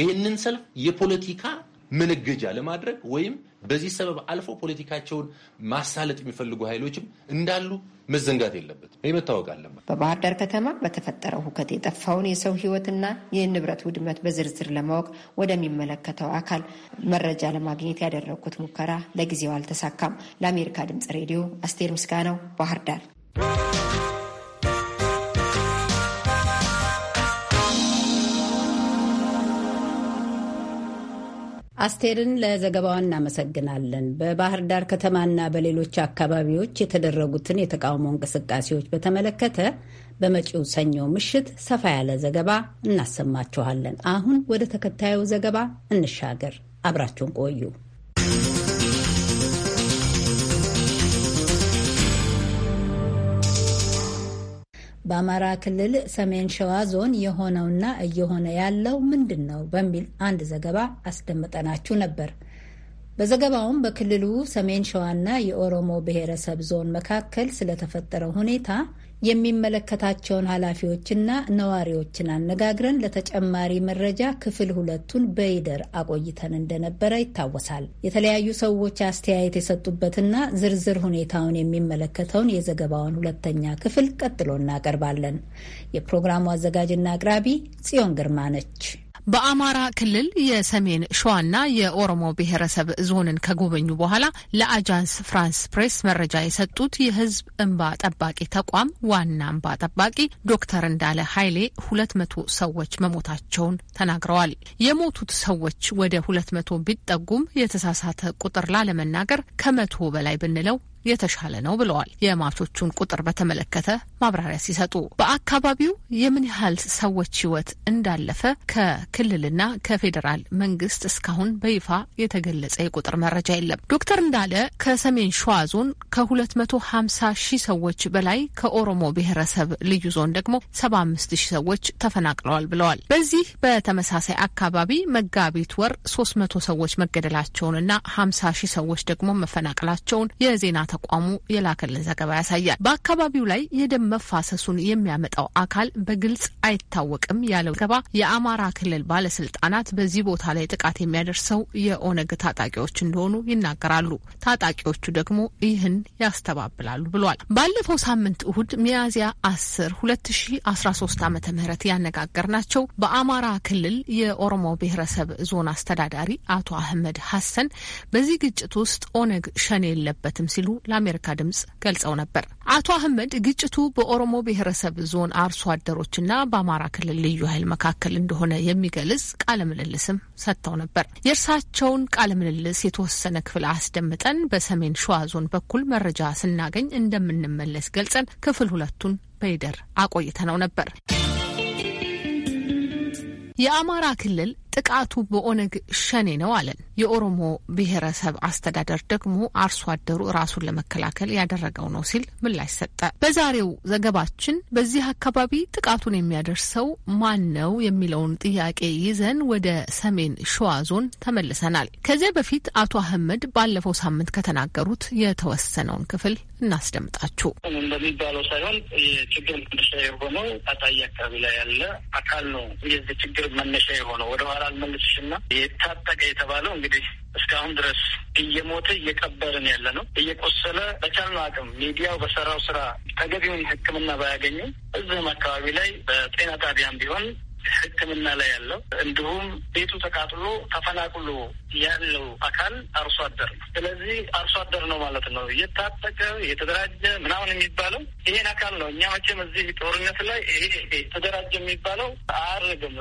ይህንን ሰልፍ የፖለቲካ መነገጃ ለማድረግ ወይም በዚህ ሰበብ አልፎ ፖለቲካቸውን ማሳለጥ የሚፈልጉ ኃይሎችም እንዳሉ መዘንጋት የለበትም። ይህ መታወቅ አለበት። በባህር ዳር ከተማ በተፈጠረው ሁከት የጠፋውን የሰው ሕይወትና የንብረት ውድመት በዝርዝር ለማወቅ ወደሚመለከተው አካል መረጃ ለማግኘት ያደረግኩት ሙከራ ለጊዜው አልተሳካም። ለአሜሪካ ድምጽ ሬዲዮ አስቴር ምስጋናው ባህር ዳር አስቴርን ለዘገባዋ እናመሰግናለን። በባህር ዳር ከተማና በሌሎች አካባቢዎች የተደረጉትን የተቃውሞ እንቅስቃሴዎች በተመለከተ በመጪው ሰኞ ምሽት ሰፋ ያለ ዘገባ እናሰማችኋለን። አሁን ወደ ተከታዩ ዘገባ እንሻገር። አብራችሁን ቆዩ። በአማራ ክልል ሰሜን ሸዋ ዞን የሆነውና እየሆነ ያለው ምንድን ነው በሚል አንድ ዘገባ አስደምጠናችሁ ነበር። በዘገባውም በክልሉ ሰሜን ሸዋና የኦሮሞ ብሔረሰብ ዞን መካከል ስለተፈጠረው ሁኔታ የሚመለከታቸውን ኃላፊዎችና ነዋሪዎችን አነጋግረን ለተጨማሪ መረጃ ክፍል ሁለቱን በይደር አቆይተን እንደነበረ ይታወሳል። የተለያዩ ሰዎች አስተያየት የሰጡበትና ዝርዝር ሁኔታውን የሚመለከተውን የዘገባውን ሁለተኛ ክፍል ቀጥሎ እናቀርባለን። የፕሮግራሙ አዘጋጅና አቅራቢ ጽዮን ግርማ ነች። በአማራ ክልል የሰሜን ሸዋና የኦሮሞ ብሔረሰብ ዞንን ከጎበኙ በኋላ ለአጃንስ ፍራንስ ፕሬስ መረጃ የሰጡት የሕዝብ እንባ ጠባቂ ተቋም ዋና እንባ ጠባቂ ዶክተር እንዳለ ኃይሌ ሁለት መቶ ሰዎች መሞታቸውን ተናግረዋል። የሞቱት ሰዎች ወደ ሁለት መቶ ቢጠጉም የተሳሳተ ቁጥር ላለመናገር ከመቶ በላይ ብንለው የተሻለ ነው ብለዋል። የሟቾቹን ቁጥር በተመለከተ ማብራሪያ ሲሰጡ በአካባቢው የምን ያህል ሰዎች ህይወት እንዳለፈ ከክልልና ከፌዴራል መንግስት እስካሁን በይፋ የተገለጸ የቁጥር መረጃ የለም። ዶክተር እንዳለ ከሰሜን ሸዋ ዞን ከ250 ሺህ ሰዎች በላይ ከኦሮሞ ብሔረሰብ ልዩ ዞን ደግሞ 75 ሺህ ሰዎች ተፈናቅለዋል ብለዋል። በዚህ በተመሳሳይ አካባቢ መጋቢት ወር 300 ሰዎች መገደላቸውንና 50 ሺህ ሰዎች ደግሞ መፈናቀላቸውን የዜና ተቋሙ የላከልን ዘገባ ያሳያል። በአካባቢው ላይ የደም መፋሰሱን የሚያመጣው አካል በግልጽ አይታወቅም ያለው ዘገባ የአማራ ክልል ባለስልጣናት በዚህ ቦታ ላይ ጥቃት የሚያደርሰው የኦነግ ታጣቂዎች እንደሆኑ ይናገራሉ። ታጣቂዎቹ ደግሞ ይህን ያስተባብላሉ ብሏል። ባለፈው ሳምንት እሁድ ሚያዝያ 10 2013 ዓ ም ያነጋገር ናቸው በአማራ ክልል የኦሮሞ ብሔረሰብ ዞን አስተዳዳሪ አቶ አህመድ ሀሰን በዚህ ግጭት ውስጥ ኦነግ ሸኔ የለበትም ሲሉ ለአሜሪካ ድምጽ ገልጸው ነበር። አቶ አህመድ ግጭቱ በኦሮሞ ብሔረሰብ ዞን አርሶ አደሮችና በአማራ ክልል ልዩ ኃይል መካከል እንደሆነ የሚገልጽ ቃለ ምልልስም ሰጥተው ነበር። የእርሳቸውን ቃለ ምልልስ የተወሰነ ክፍል አስደምጠን በሰሜን ሸዋ ዞን በኩል መረጃ ስናገኝ እንደምንመለስ ገልጸን ክፍል ሁለቱን በይደር አቆይተነው ነበር። የአማራ ክልል ጥቃቱ በኦነግ ሸኔ ነው አለን። የኦሮሞ ብሔረሰብ አስተዳደር ደግሞ አርሶ አደሩ ራሱን ለመከላከል ያደረገው ነው ሲል ምላሽ ሰጠ። በዛሬው ዘገባችን በዚህ አካባቢ ጥቃቱን የሚያደርሰው ማን ነው የሚለውን ጥያቄ ይዘን ወደ ሰሜን ሸዋ ዞን ተመልሰናል። ከዚያ በፊት አቶ አህመድ ባለፈው ሳምንት ከተናገሩት የተወሰነውን ክፍል እናስደምጣችሁ። እንደሚባለው ሳይሆን የችግር መነሻ የሆነው አጣዬ አካባቢ ላይ ያለ አካል ነው የዚህ ችግር መነሻ የሆነው ወደ አልመልስሽ እና የታጠቀ የተባለው እንግዲህ እስካሁን ድረስ እየሞተ እየቀበርን ያለ ነው። እየቆሰለ በቻልነው አቅም ሚዲያው በሰራው ስራ ተገቢውን ሕክምና ባያገኝም እዚህም አካባቢ ላይ በጤና ጣቢያም ቢሆን ሕክምና ላይ ያለው እንዲሁም ቤቱ ተቃጥሎ ተፈናቅሎ ያለው አካል አርሶ አደር ነው። ስለዚህ አርሶ አደር ነው ማለት ነው። የታጠቀ የተደራጀ ምናምን የሚባለው ይሄን አካል ነው። እኛ መቼም እዚህ ጦርነት ላይ ይሄ ተደራጀ የሚባለው አያደርግም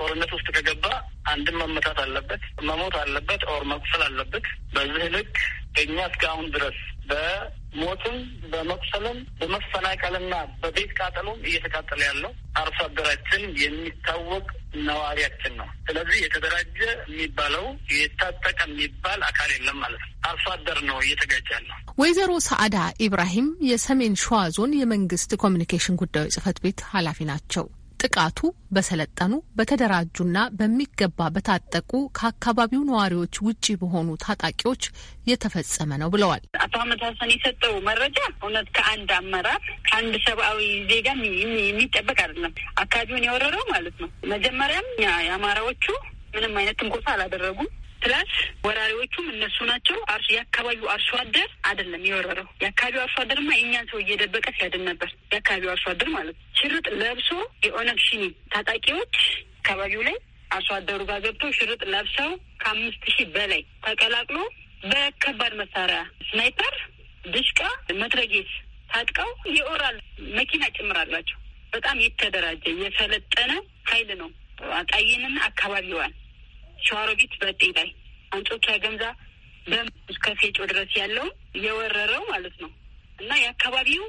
ጦርነት ውስጥ ከገባ አንድም መመታት አለበት፣ መሞት አለበት፣ ኦር መቁሰል አለበት። በዚህ ልክ እኛ እስካሁን ድረስ በሞትም በመቁሰልም በመፈናቀልና በቤት ቃጠሎም እየተቃጠለ ያለው አርሶ አደራችን የሚታወቅ ነዋሪያችን ነው። ስለዚህ የተደራጀ የሚባለው የታጠቀ የሚባል አካል የለም ማለት ነው። አርሶ አደር ነው እየተጋጨ ያለው። ወይዘሮ ሰአዳ ኢብራሂም የሰሜን ሸዋ ዞን የመንግስት ኮሚኒኬሽን ጉዳዮች ጽህፈት ቤት ኃላፊ ናቸው። ጥቃቱ በሰለጠኑ በተደራጁና በሚገባ በታጠቁ ከአካባቢው ነዋሪዎች ውጪ በሆኑ ታጣቂዎች የተፈጸመ ነው ብለዋል። አቶ አህመድ ሀሰን የሰጠው መረጃ እውነት ከአንድ አመራር ከአንድ ሰብአዊ ዜጋ የሚጠበቅ አይደለም። አካባቢውን የወረረው ማለት ነው። መጀመሪያም የአማራዎቹ ምንም አይነት ትንኮሳ አላደረጉም። ፕላስ ወራሪዎቹም እነሱ ናቸው። የአካባቢው አርሶ አደር አይደለም የወረረው። የአካባቢው አርሶ አደርማ የእኛን ሰው እየደበቀ ሲያድን ነበር። የአካባቢው አርሶ አደር ማለት ነው። ሽርጥ ለብሶ የኦነግ ሽኒ ታጣቂዎች አካባቢው ላይ አርሶ አደሩ ጋር ገብተው ሽርጥ ለብሰው ከአምስት ሺህ በላይ ተቀላቅሎ በከባድ መሳሪያ ስናይፐር፣ ድሽቃ፣ መትረጌስ ታጥቀው የኦራል መኪና ጭምር አላቸው። በጣም የተደራጀ የሰለጠነ ኃይል ነው አጣዬንና አካባቢዋን ሸዋሮቢት በጤ ላይ አንጾኪያ ገምዛ እስከ ፌጮ ድረስ ያለው የወረረው ማለት ነው እና የአካባቢው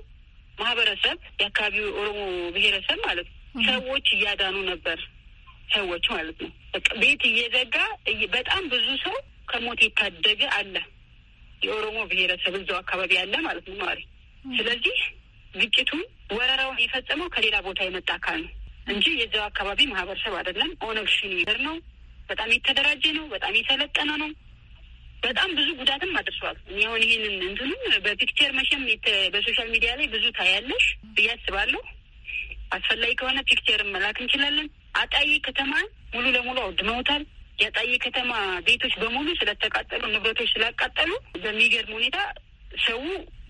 ማህበረሰብ የአካባቢው ኦሮሞ ብሔረሰብ ማለት ነው ሰዎች እያዳኑ ነበር። ሰዎች ማለት ነው ቤት እየዘጋ በጣም ብዙ ሰው ከሞት የታደገ አለ። የኦሮሞ ብሔረሰብ እዛው አካባቢ አለ ማለት ነው ነዋሪ። ስለዚህ ግጭቱን ወረራውን የፈጸመው ከሌላ ቦታ የመጣ አካል ነው እንጂ የዛው አካባቢ ማህበረሰብ አይደለም። ኦነግ ሸኔ ነው በጣም የተደራጀ ነው፣ በጣም የሰለጠነ ነው። በጣም ብዙ ጉዳትም አድርሷል። እኔ አሁን ይሄንን እንትኑም በፒክቸር መቼም በሶሻል ሚዲያ ላይ ብዙ ታያለሽ ብዬ አስባለሁ። አስፈላጊ ከሆነ ፒክቸርን መላክ እንችላለን። አጣዬ ከተማ ሙሉ ለሙሉ አውድመውታል። የአጣዬ ከተማ ቤቶች በሙሉ ስለተቃጠሉ፣ ንብረቶች ስላቃጠሉ በሚገርም ሁኔታ ሰው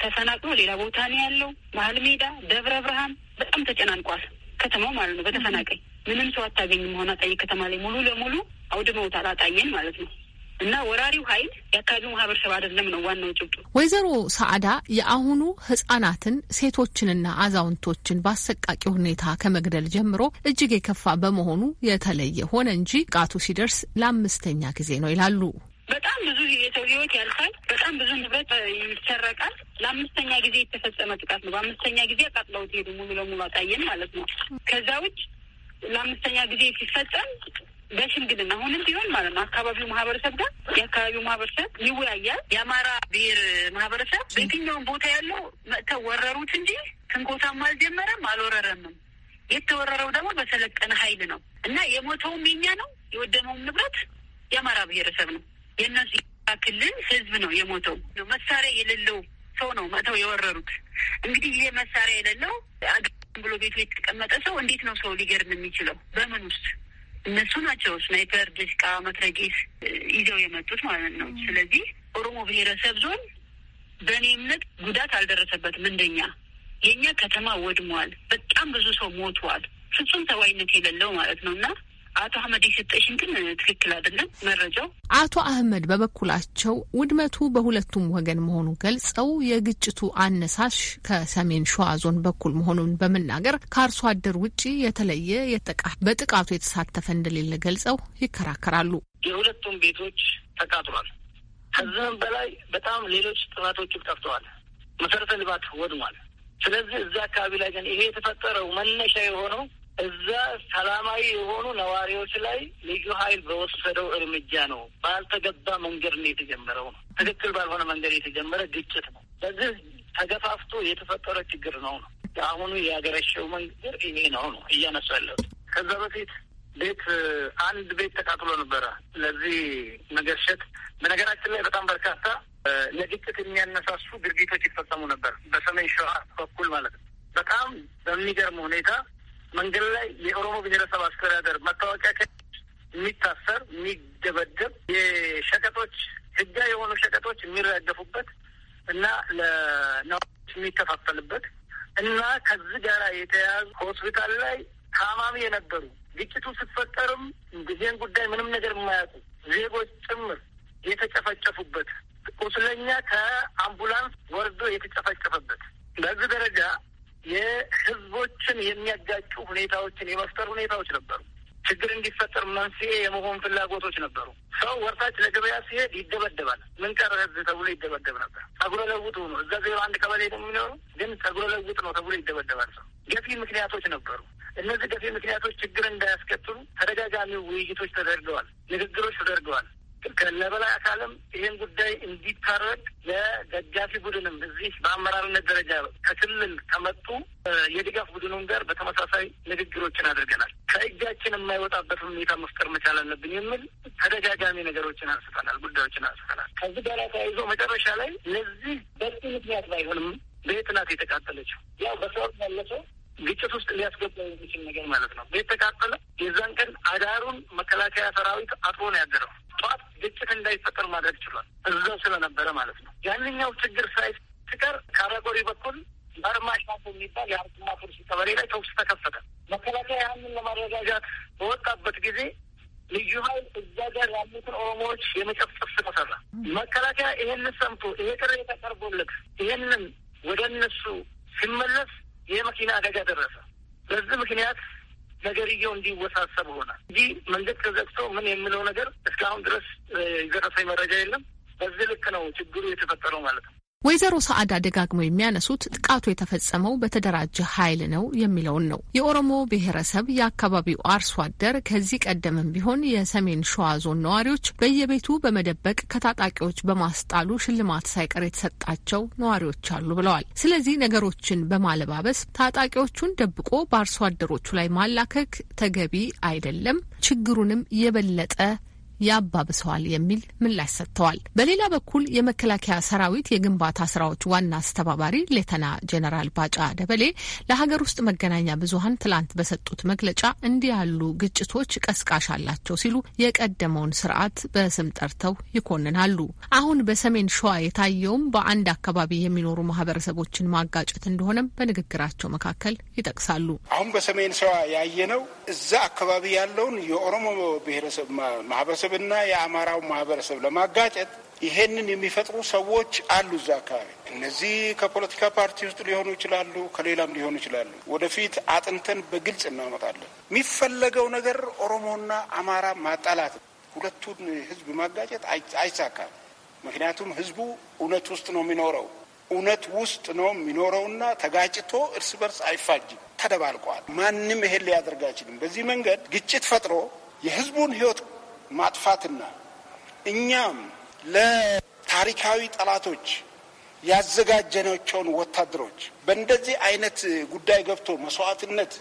ተፈናቅሎ ሌላ ቦታ ነው ያለው። መሀል ሜዳ፣ ደብረ ብርሃን በጣም ተጨናንቋል ከተማው ማለት ነው። በተፈናቃይ ምንም ሰው አታገኝም። ሆነ አጣዬ ከተማ ላይ ሙሉ ለሙሉ አውድመውታል፣ አጣየን ማለት ነው። እና ወራሪው ኃይል የአካባቢው ማህበረሰብ አይደለም ነው ዋናው ጭብጡ። ወይዘሮ ሰዓዳ የአሁኑ ህጻናትን ሴቶችንና አዛውንቶችን በአሰቃቂ ሁኔታ ከመግደል ጀምሮ እጅግ የከፋ በመሆኑ የተለየ ሆነ እንጂ ቃቱ ሲደርስ ለአምስተኛ ጊዜ ነው ይላሉ። በጣም ብዙ የሰው ህይወት ያልፋል። በጣም ብዙ ንብረት ይሰረቃል። ለአምስተኛ ጊዜ የተፈጸመ ጥቃት ነው። በአምስተኛ ጊዜ አቃጥለውት ሄዱ። ሙሉ ለሙሉ አጣየን ማለት ነው። ከዛ ውጭ ለአምስተኛ ጊዜ ሲፈጸም በሽምግልና አሁንም ቢሆን ማለት ነው አካባቢው ማህበረሰብ ጋር የአካባቢው ማህበረሰብ ይወያያል። የአማራ ብሔር ማህበረሰብ በየትኛውም ቦታ ያለው መጥተው ወረሩት እንጂ ትንኮሳም አልጀመረም አልወረረምም። የተወረረው ደግሞ በሰለጠነ ኃይል ነው እና የሞተውም የኛ ነው፣ የወደመውም ንብረት የአማራ ብሔረሰብ ነው። የእነሱ ክልል ህዝብ ነው የሞተው። መሳሪያ የሌለው ሰው ነው መተው የወረሩት። እንግዲህ ይሄ መሳሪያ የሌለው ብሎ ቤቱ የተቀመጠ ሰው እንዴት ነው ሰው ሊገርም የሚችለው? በምን ውስጥ እነሱ ናቸው ስናይፐር፣ ድሽቃ፣ መትረጌስ ይዘው የመጡት ማለት ነው። ስለዚህ ኦሮሞ ብሔረሰብ ዞን በእኔ እምነት ጉዳት አልደረሰበትም። እንደኛ የእኛ ከተማ ወድሟል። በጣም ብዙ ሰው ሞቷል። ፍጹም ሰብአዊነት የሌለው ማለት ነው እና አቶ አህመድ የሰጠሽን ግን ትክክል አይደለም መረጃው። አቶ አህመድ በበኩላቸው ውድመቱ በሁለቱም ወገን መሆኑ ገልጸው የግጭቱ አነሳሽ ከሰሜን ሸዋ ዞን በኩል መሆኑን በመናገር ከአርሶ አደር ውጭ የተለየ በጥቃቱ የተሳተፈ እንደሌለ ገልጸው ይከራከራሉ። የሁለቱም ቤቶች ተቃጥሏል። ከዚህም በላይ በጣም ሌሎች ጥናቶችም ጠፍተዋል። መሰረተ ልማት ወድሟል። ስለዚህ እዚህ አካባቢ ላይ ግን ይሄ የተፈጠረው መነሻ የሆነው እዛ ሰላማዊ የሆኑ ነዋሪዎች ላይ ልዩ ኃይል በወሰደው እርምጃ ነው። ባልተገባ መንገድ ነው የተጀመረው ነው። ትክክል ባልሆነ መንገድ የተጀመረ ግጭት ነው። በዚህ ተገፋፍቶ የተፈጠረ ችግር ነው ነው። አሁኑ ያገረሸው መንገድ ይሄ ነው ነው እያነሱ ያለት ከዛ በፊት ቤት አንድ ቤት ተቃጥሎ ነበረ። ለዚህ መገርሸት በነገራችን ላይ በጣም በርካታ ለግጭት የሚያነሳሱ ድርጊቶች ይፈጸሙ ነበር በሰሜን ሸዋ በኩል ማለት ነው። በጣም በሚገርም ሁኔታ መንገድ ላይ የኦሮሞ ብሔረሰብ አስተዳደር መታወቂያ የሚታሰር የሚደበደብ የሸቀጦች ህጋ የሆኑ ሸቀጦች የሚረደፉበት እና ለነዋሪዎች የሚከፋፈልበት እና ከዚህ ጋር የተያያዙ ሆስፒታል ላይ ታማሚ የነበሩ ግጭቱ ስትፈጠርም ጊዜን ጉዳይ ምንም ነገር የማያውቁ ዜጎች ጭምር የተጨፈጨፉበት ቁስለኛ ከአምቡላንስ ወርዶ የተጨፈጨፈበት በዚህ ደረጃ የህዝቦችን የሚያጋጩ ሁኔታዎችን የመፍጠር ሁኔታዎች ነበሩ። ችግር እንዲፈጠር መንስኤ የመሆን ፍላጎቶች ነበሩ። ሰው ወርታች ለገበያ ሲሄድ ይደበደባል። ምን ቀረ ተብሎ ይደበደብ ነበር። ጸጉረ ለውጥ ነው። እዛ ዜሮ አንድ ቀበሌ ነው የሚኖሩ ግን ጸጉረ ለውጥ ነው ተብሎ ይደበደባል ሰው። ገፊ ምክንያቶች ነበሩ። እነዚህ ገፊ ምክንያቶች ችግር እንዳያስከትሉ ተደጋጋሚ ውይይቶች ተደርገዋል፣ ንግግሮች ተደርገዋል። ከለበላ አካልም ይህን ጉዳይ እንዲታረቅ ለደጋፊ ቡድንም እዚህ በአመራርነት ደረጃ ከክልል ከመጡ የድጋፍ ቡድኑን ጋር በተመሳሳይ ንግግሮችን አድርገናል። ከእጃችን የማይወጣበት ሁኔታ መፍጠር መቻል አለብን የሚል ተደጋጋሚ ነገሮችን አንስተናል፣ ጉዳዮችን አንስተናል። ከዚህ ጋር ተያይዞ መጨረሻ ላይ ለዚህ በቂ ምክንያት ባይሆንም ቤት ናት የተቃጠለችው ያው በሰው ያለሰው ግጭት ውስጥ ሊያስገባ የሚችል ነገር ማለት ነው። ቤት ተቃጠለ። የዛን ቀን አዳሩን መከላከያ ሰራዊት አጥሮ ነው ያደረው። ጠዋት ግጭት እንዳይፈጠር ማድረግ ችሏል፣ እዛው ስለነበረ ማለት ነው። ያንኛው ችግር ሳይቀር ካረጎሪ በኩል በርማሻቶ የሚባል የአርቱማ ቱርሲ ቀበሌ ላይ ተኩስ ተከፈተ። መከላከያ ያንን ለማረጋጋት በወጣበት ጊዜ ልዩ ኃይል እዛ ጋር ያሉትን ኦሮሞዎች የመጨፍጨፍ ስራ ሰራ። መከላከያ ይሄንን ሰምቶ ይሄ ጥሬ ተቀርቦለት ይሄንን ወደ እነሱ ሲመለስ የመኪና አደጋ ደረሰ። በዚህ ምክንያት ነገርየው እንዲወሳሰብ ሆናል እንጂ መንገድ ተዘግቶ ምን የምለው ነገር እስካሁን ድረስ የደረሰኝ መረጃ የለም። በዚህ ልክ ነው ችግሩ የተፈጠረው ማለት ነው። ወይዘሮ ሰአዳ ደጋግመው የሚያነሱት ጥቃቱ የተፈጸመው በተደራጀ ኃይል ነው የሚለውን ነው። የኦሮሞ ብሔረሰብ የአካባቢው አርሶ አደር ከዚህ ቀደምም ቢሆን የሰሜን ሸዋ ዞን ነዋሪዎች በየቤቱ በመደበቅ ከታጣቂዎች በማስጣሉ ሽልማት ሳይቀር የተሰጣቸው ነዋሪዎች አሉ ብለዋል። ስለዚህ ነገሮችን በማለባበስ ታጣቂዎቹን ደብቆ በአርሶ አደሮቹ ላይ ማላከክ ተገቢ አይደለም፣ ችግሩንም የበለጠ ያባብሰዋል የሚል ምላሽ ሰጥተዋል። በሌላ በኩል የመከላከያ ሰራዊት የግንባታ ስራዎች ዋና አስተባባሪ ሌተና ጀነራል ባጫ ደበሌ ለሀገር ውስጥ መገናኛ ብዙኃን ትላንት በሰጡት መግለጫ እንዲህ ያሉ ግጭቶች ቀስቃሽ አላቸው ሲሉ የቀደመውን ስርዓት በስም ጠርተው ይኮንናሉ። አሁን በሰሜን ሸዋ የታየውም በአንድ አካባቢ የሚኖሩ ማህበረሰቦችን ማጋጨት እንደሆነም በንግግራቸው መካከል ይጠቅሳሉ። አሁን በሰሜን ሸዋ ያየነው እዛ አካባቢ ያለውን የኦሮሞ ብሔረሰብ ማህበረሰብ ማህበረሰብና የአማራው ማህበረሰብ ለማጋጨት ይሄንን የሚፈጥሩ ሰዎች አሉ እዛ አካባቢ። እነዚህ ከፖለቲካ ፓርቲ ውስጥ ሊሆኑ ይችላሉ፣ ከሌላም ሊሆኑ ይችላሉ። ወደፊት አጥንተን በግልጽ እናመጣለን። የሚፈለገው ነገር ኦሮሞና አማራ ማጣላት፣ ሁለቱን ህዝብ ማጋጨት አይሳካም። ምክንያቱም ህዝቡ እውነት ውስጥ ነው የሚኖረው እውነት ውስጥ ነው የሚኖረውና ተጋጭቶ እርስ በርስ አይፋጅም፣ ተደባልቋል። ማንም ይሄን ሊያደርግ አይችልም። በዚህ መንገድ ግጭት ፈጥሮ የህዝቡን ህይወት ማጥፋትና እኛም ለታሪካዊ ጠላቶች ያዘጋጀናቸውን ወታደሮች በእንደዚህ አይነት ጉዳይ ገብቶ መስዋዕትነት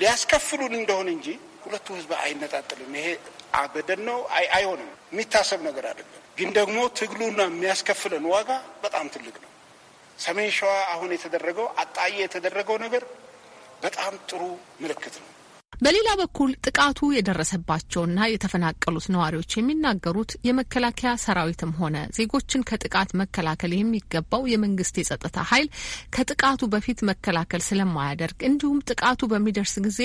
ሊያስከፍሉን እንደሆነ እንጂ ሁለቱ ህዝብ አይነጣጥልም። ይሄ አበደን ነው፣ አይሆንም፣ የሚታሰብ ነገር አይደለም። ግን ደግሞ ትግሉና የሚያስከፍለን ዋጋ በጣም ትልቅ ነው። ሰሜን ሸዋ አሁን የተደረገው አጣዬ የተደረገው ነገር በጣም ጥሩ ምልክት ነው። በሌላ በኩል ጥቃቱ የደረሰባቸውና የተፈናቀሉት ነዋሪዎች የሚናገሩት የመከላከያ ሰራዊትም ሆነ ዜጎችን ከጥቃት መከላከል የሚገባው የመንግስት የጸጥታ ኃይል ከጥቃቱ በፊት መከላከል ስለማያደርግ እንዲሁም ጥቃቱ በሚደርስ ጊዜ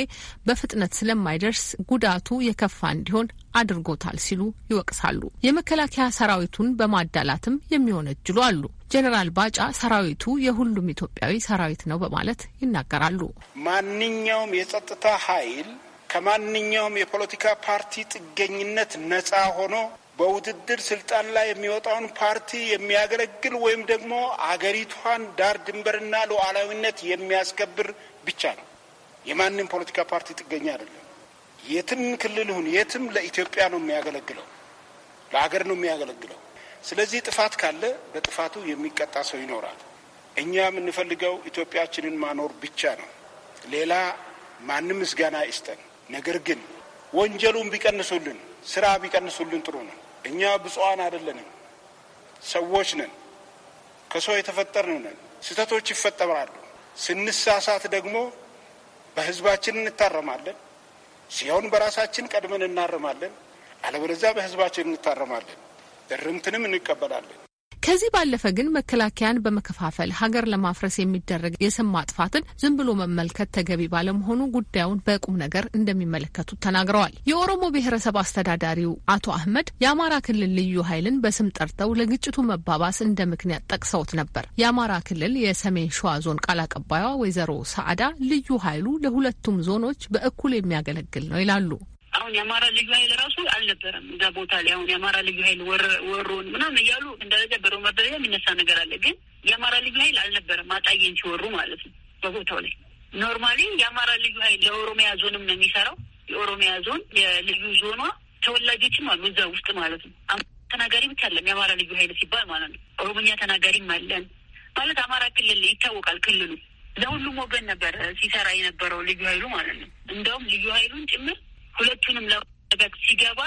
በፍጥነት ስለማይደርስ ጉዳቱ የከፋ እንዲሆን አድርጎታል ሲሉ ይወቅሳሉ። የመከላከያ ሰራዊቱን በማዳላትም የሚወነጅሉ አሉ። ጀነራል ባጫ ሰራዊቱ የሁሉም ኢትዮጵያዊ ሰራዊት ነው በማለት ይናገራሉ። ማንኛውም የጸጥታ ኃይል ከማንኛውም የፖለቲካ ፓርቲ ጥገኝነት ነጻ ሆኖ በውድድር ስልጣን ላይ የሚወጣውን ፓርቲ የሚያገለግል ወይም ደግሞ አገሪቷን ዳር ድንበርና ሉዓላዊነት የሚያስከብር ብቻ ነው። የማንም ፖለቲካ ፓርቲ ጥገኛ አይደለም። የትም ክልል ይሁን የትም ለኢትዮጵያ ነው የሚያገለግለው፣ ለአገር ነው የሚያገለግለው። ስለዚህ ጥፋት ካለ በጥፋቱ የሚቀጣ ሰው ይኖራል። እኛ የምንፈልገው ኢትዮጵያችንን ማኖር ብቻ ነው። ሌላ ማንም ምስጋና ይስጠን። ነገር ግን ወንጀሉን ቢቀንሱልን፣ ስራ ቢቀንሱልን ጥሩ ነው። እኛ ብፁዓን አይደለንም፣ ሰዎች ነን። ከሰው የተፈጠርን ነን። ስህተቶች ይፈጠራሉ። ስንሳሳት ደግሞ በህዝባችን እንታረማለን። ሲሆን በራሳችን ቀድመን እናርማለን፣ አለበለዚያ በህዝባችን እንታረማለን። እርምትንም እንቀበላለን። ከዚህ ባለፈ ግን መከላከያን በመከፋፈል ሀገር ለማፍረስ የሚደረግ የስም ማጥፋትን ዝም ብሎ መመልከት ተገቢ ባለመሆኑ ጉዳዩን በቁም ነገር እንደሚመለከቱት ተናግረዋል። የኦሮሞ ብሔረሰብ አስተዳዳሪው አቶ አህመድ የአማራ ክልል ልዩ ኃይልን በስም ጠርተው ለግጭቱ መባባስ እንደ ምክንያት ጠቅሰውት ነበር። የአማራ ክልል የሰሜን ሸዋ ዞን ቃል አቀባይዋ ወይዘሮ ሳዕዳ ልዩ ኃይሉ ለሁለቱም ዞኖች በእኩል የሚያገለግል ነው ይላሉ። አሁን የአማራ ልዩ ኃይል ራሱ አልነበረም እዛ ቦታ ላይ። አሁን የአማራ ልዩ ኃይል ወሮን ምናምን እያሉ እንደረጃ በሮማር ደረጃ የሚነሳ ነገር አለ። ግን የአማራ ልዩ ኃይል አልነበረም አጣዬን ሲወሩ ማለት ነው በቦታው ላይ። ኖርማሊ የአማራ ልዩ ኃይል ለኦሮሚያ ዞንም ነው የሚሰራው። የኦሮሚያ ዞን የልዩ ዞኗ ተወላጆችም አሉ እዛ ውስጥ ማለት ነው። ተናጋሪ ብቻ አለም የአማራ ልዩ ኃይል ሲባል ማለት ነው። ኦሮምኛ ተናጋሪም አለን ማለት አማራ ክልል ይታወቃል። ክልሉ ለሁሉም ወገን ነበር ሲሰራ የነበረው ልዩ ኃይሉ ማለት ነው። እንደውም ልዩ ኃይሉን ጭምር ሁለቱንም ለመጠበቅ ሲገባ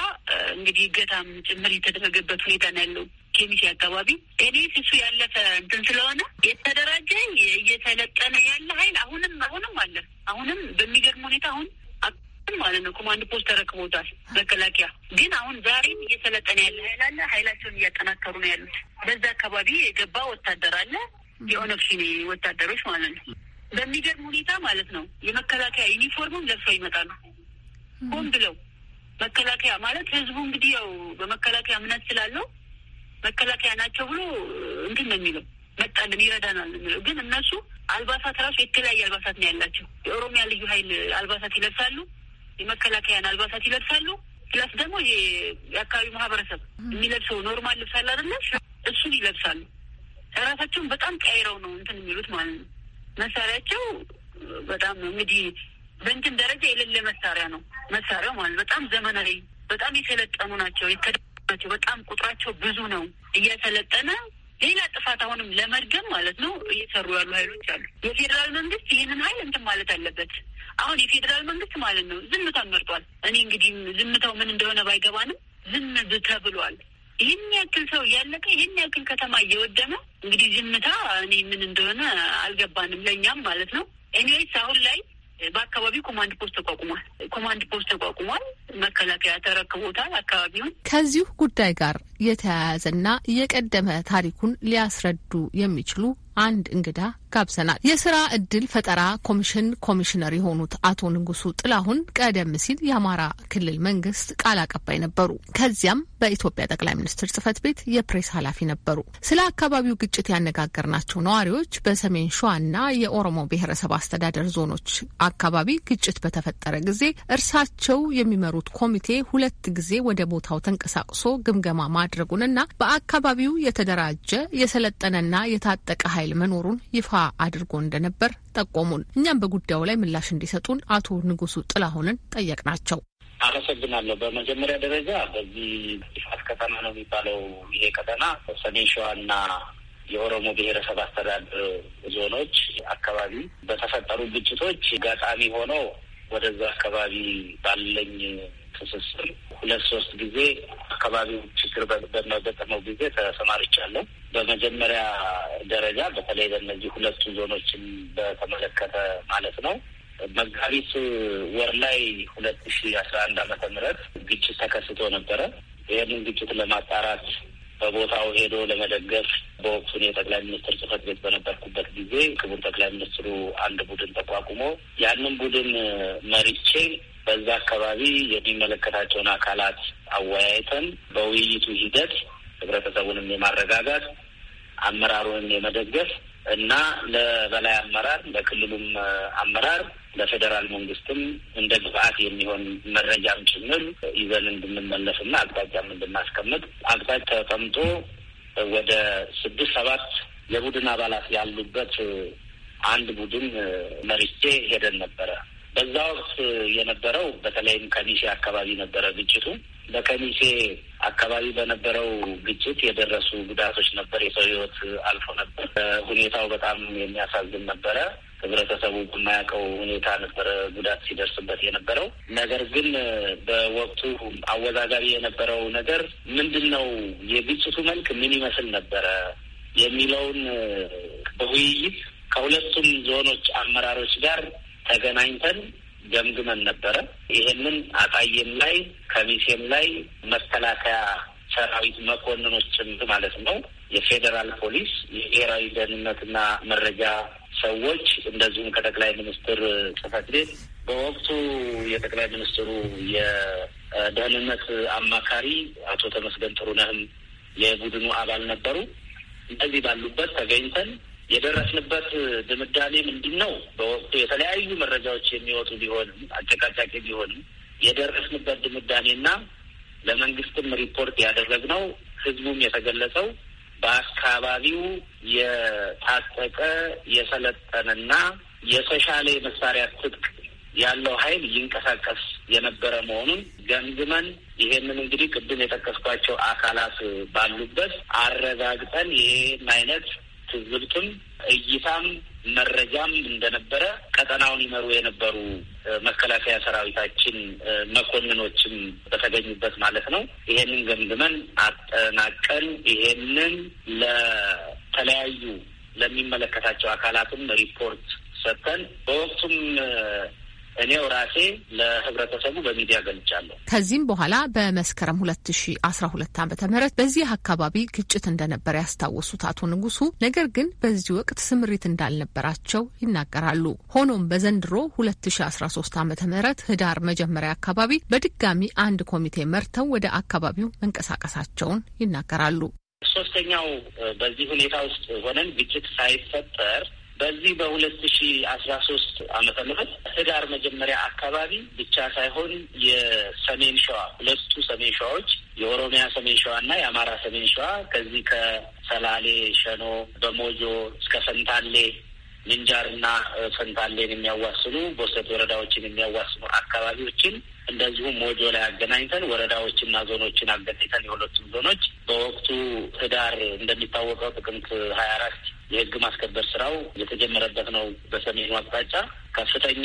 እንግዲህ እገታም ጭምር የተደረገበት ሁኔታ ነው ያለው። ኬሚሴ አካባቢ እኔ እሱ ያለፈ እንትን ስለሆነ የተደራጀ እየተለጠነ ያለ ሀይል አሁንም አሁንም አለ። አሁንም በሚገርም ሁኔታ አሁን ማለት ነው ኮማንድ ፖስት ተረክቦታል መከላከያ። ግን አሁን ዛሬም እየሰለጠነ ያለ ሀይል አለ። ሀይላቸውን እያጠናከሩ ነው ያሉት። በዛ አካባቢ የገባ ወታደር አለ፣ የኦነግ ሸኔ ወታደሮች ማለት ነው። በሚገርም ሁኔታ ማለት ነው የመከላከያ ዩኒፎርምም ለብሰው ይመጣሉ። ሆን ብለው መከላከያ ማለት ህዝቡ እንግዲህ ያው በመከላከያ እምነት ስላለው መከላከያ ናቸው ብሎ እንትን ነው የሚለው መጣልን ይረዳናል የሚለው ግን እነሱ አልባሳት ራሱ የተለያየ አልባሳት ነው ያላቸው። የኦሮሚያ ልዩ ኃይል አልባሳት ይለብሳሉ፣ የመከላከያን አልባሳት ይለብሳሉ። ፕላስ ደግሞ የአካባቢው ማህበረሰብ የሚለብሰው ኖርማል ልብስ አለ አይደለ? እሱን ይለብሳሉ። ራሳቸውን በጣም ቀይረው ነው እንትን የሚሉት ማለት ነው። መሳሪያቸው በጣም እንግዲህ በእንትን ደረጃ የሌለ መሳሪያ ነው መሳሪያው ማለት በጣም ዘመናዊ በጣም የሰለጠኑ ናቸው ናቸው። በጣም ቁጥራቸው ብዙ ነው። እያሰለጠነ ሌላ ጥፋት አሁንም ለመድገም ማለት ነው እየሰሩ ያሉ ሀይሎች አሉ። የፌዴራል መንግስት ይህንን ሀይል እንትን ማለት አለበት። አሁን የፌዴራል መንግስት ማለት ነው ዝምታን መርጧል። እኔ እንግዲህ ዝምታው ምን እንደሆነ ባይገባንም ዝም ተብሏል። ይህን ያክል ሰው እያለቀ ይህን ያክል ከተማ እየወደመ እንግዲህ ዝምታ እኔ ምን እንደሆነ አልገባንም፣ ለእኛም ማለት ነው። ኤኒዌይስ አሁን ላይ በአካባቢው ኮማንድ ፖስት ተቋቁሟል። ኮማንድ ፖስት ተቋቁሟል። መከላከያ ተረክቦታል አካባቢውን። ከዚሁ ጉዳይ ጋር የተያያዘና የቀደመ ታሪኩን ሊያስረዱ የሚችሉ አንድ እንግዳ ጋብዘናል። የስራ እድል ፈጠራ ኮሚሽን ኮሚሽነር የሆኑት አቶ ንጉሱ ጥላሁን ቀደም ሲል የአማራ ክልል መንግስት ቃል አቀባይ ነበሩ። ከዚያም በኢትዮጵያ ጠቅላይ ሚኒስትር ጽህፈት ቤት የፕሬስ ኃላፊ ነበሩ። ስለ አካባቢው ግጭት ያነጋገርናቸው ነዋሪዎች በሰሜን ሸዋና የኦሮሞ ብሔረሰብ አስተዳደር ዞኖች አካባቢ ግጭት በተፈጠረ ጊዜ እርሳቸው የሚመሩት ኮሚቴ ሁለት ጊዜ ወደ ቦታው ተንቀሳቅሶ ግምገማ ማድረጉንና በአካባቢው የተደራጀ የሰለጠነና የታጠቀ ኃይል መኖሩን ይፋ አድርጎ እንደነበር ጠቆሙን። እኛም በጉዳዩ ላይ ምላሽ እንዲሰጡን አቶ ንጉሱ ጥላሁንን ጠየቅናቸው። አመሰግናለሁ። በመጀመሪያ ደረጃ በዚህ ይፋት ከተማ ነው የሚባለው ይሄ ቀጠና ሰሜን ሸዋና የኦሮሞ ብሔረሰብ አስተዳደር ዞኖች አካባቢ በተፈጠሩ ግጭቶች አጋጣሚ ሆነው ወደዛ አካባቢ ባለኝ ትስስር ሁለት ሶስት ጊዜ አካባቢው ችግር በሚያጋጥመው ጊዜ ተሰማርቻለሁ። በመጀመሪያ ደረጃ በተለይ በእነዚህ ሁለቱ ዞኖችን በተመለከተ ማለት ነው። መጋቢት ወር ላይ ሁለት ሺ አስራ አንድ አመተ ምህረት ግጭት ተከስቶ ነበረ። ይህንን ግጭት ለማጣራት በቦታው ሄዶ ለመደገፍ በወቅቱ የጠቅላይ ሚኒስትር ጽህፈት ቤት በነበርኩበት ጊዜ ክቡር ጠቅላይ ሚኒስትሩ አንድ ቡድን ተቋቁሞ ያንን ቡድን መሪቼ በዛ አካባቢ የሚመለከታቸውን አካላት አወያይተን በውይይቱ ሂደት ህብረተሰቡንም የማረጋጋት አመራሩንም የመደገፍ እና ለበላይ አመራር ለክልሉም አመራር ለፌዴራል መንግስትም እንደ ግብአት የሚሆን መረጃም ጭምር ይዘን እንድንመለስና አቅጣጫም እንድናስቀምጥ አቅጣጫ ተቀምጦ ወደ ስድስት ሰባት የቡድን አባላት ያሉበት አንድ ቡድን መሪቼ ሄደን ነበረ። በዛ ወቅት የነበረው በተለይም ከሚሴ አካባቢ ነበረ ግጭቱ። በከሚሴ አካባቢ በነበረው ግጭት የደረሱ ጉዳቶች ነበር። የሰው ህይወት አልፎ ነበር። ሁኔታው በጣም የሚያሳዝን ነበረ። ህብረተሰቡ በማያውቀው ሁኔታ ነበረ ጉዳት ሲደርስበት የነበረው። ነገር ግን በወቅቱ አወዛጋቢ የነበረው ነገር ምንድን ነው፣ የግጭቱ መልክ ምን ይመስል ነበረ የሚለውን በውይይት ከሁለቱም ዞኖች አመራሮች ጋር ተገናኝተን ገምግመን ነበረ። ይህንን አጣዬም ላይ ከሚሴም ላይ መከላከያ ሰራዊት መኮንኖች ማለት ነው፣ የፌዴራል ፖሊስ፣ የብሔራዊ ደህንነትና መረጃ ሰዎች እንደዚሁም ከጠቅላይ ሚኒስትር ጽህፈት ቤት በወቅቱ የጠቅላይ ሚኒስትሩ የደህንነት አማካሪ አቶ ተመስገን ጥሩነህም የቡድኑ አባል ነበሩ። እነዚህ ባሉበት ተገኝተን የደረስንበት ድምዳሜ ምንድን ነው? በወቅቱ የተለያዩ መረጃዎች የሚወጡ ቢሆንም አጨቃጫቂ ቢሆንም የደረስንበት ድምዳሜና ለመንግስትም ሪፖርት ያደረግነው ህዝቡም የተገለጸው በአካባቢው የታጠቀ የሰለጠነና የተሻለ የመሳሪያ ትጥቅ ያለው ኃይል ይንቀሳቀስ የነበረ መሆኑን ገምግመን ይሄንን እንግዲህ ቅድም የጠቀስኳቸው አካላት ባሉበት አረጋግጠን ይሄን አይነት ትዝብትም እይታም መረጃም እንደነበረ ቀጠናውን ይመሩ የነበሩ መከላከያ ሰራዊታችን መኮንኖችም በተገኙበት ማለት ነው። ይሄንን ገምግመን አጠናቀን ይሄንን ለተለያዩ ለሚመለከታቸው አካላትም ሪፖርት ሰጥተን በወቅቱም እኔው ራሴ ለህብረተሰቡ በሚዲያ ገልጫለሁ። ከዚህም በኋላ በመስከረም ሁለት ሺ አስራ ሁለት ዓመተ ምህረት በዚህ አካባቢ ግጭት እንደነበር ያስታወሱት አቶ ንጉሱ ነገር ግን በዚህ ወቅት ስምሪት እንዳልነበራቸው ይናገራሉ። ሆኖም በዘንድሮ ሁለት ሺ አስራ ሶስት ዓመተ ምህረት ህዳር መጀመሪያ አካባቢ በድጋሚ አንድ ኮሚቴ መርተው ወደ አካባቢው መንቀሳቀሳቸውን ይናገራሉ። ሶስተኛው በዚህ ሁኔታ ውስጥ ሆነን ግጭት ሳይፈጠር በዚህ በሁለት ሺ አስራ ሶስት አመተ ምህረት ህዳር መጀመሪያ አካባቢ ብቻ ሳይሆን የሰሜን ሸዋ ሁለቱ ሰሜን ሸዋዎች የኦሮሚያ ሰሜን ሸዋ እና የአማራ ሰሜን ሸዋ ከዚህ ከሰላሌ ሸኖ፣ በሞጆ እስከ ፈንታሌ ምንጃርና ፈንታሌን የሚያዋስኑ ቦሰት ወረዳዎችን የሚያዋስኑ አካባቢዎችን እንደዚሁም ሞጆ ላይ አገናኝተን ወረዳዎችና ዞኖችን አገናኝተን የሁለቱም ዞኖች በወቅቱ ህዳር እንደሚታወቀው ጥቅምት ሀያ አራት የህግ ማስከበር ስራው የተጀመረበት ነው። በሰሜኑ አቅጣጫ ከፍተኛ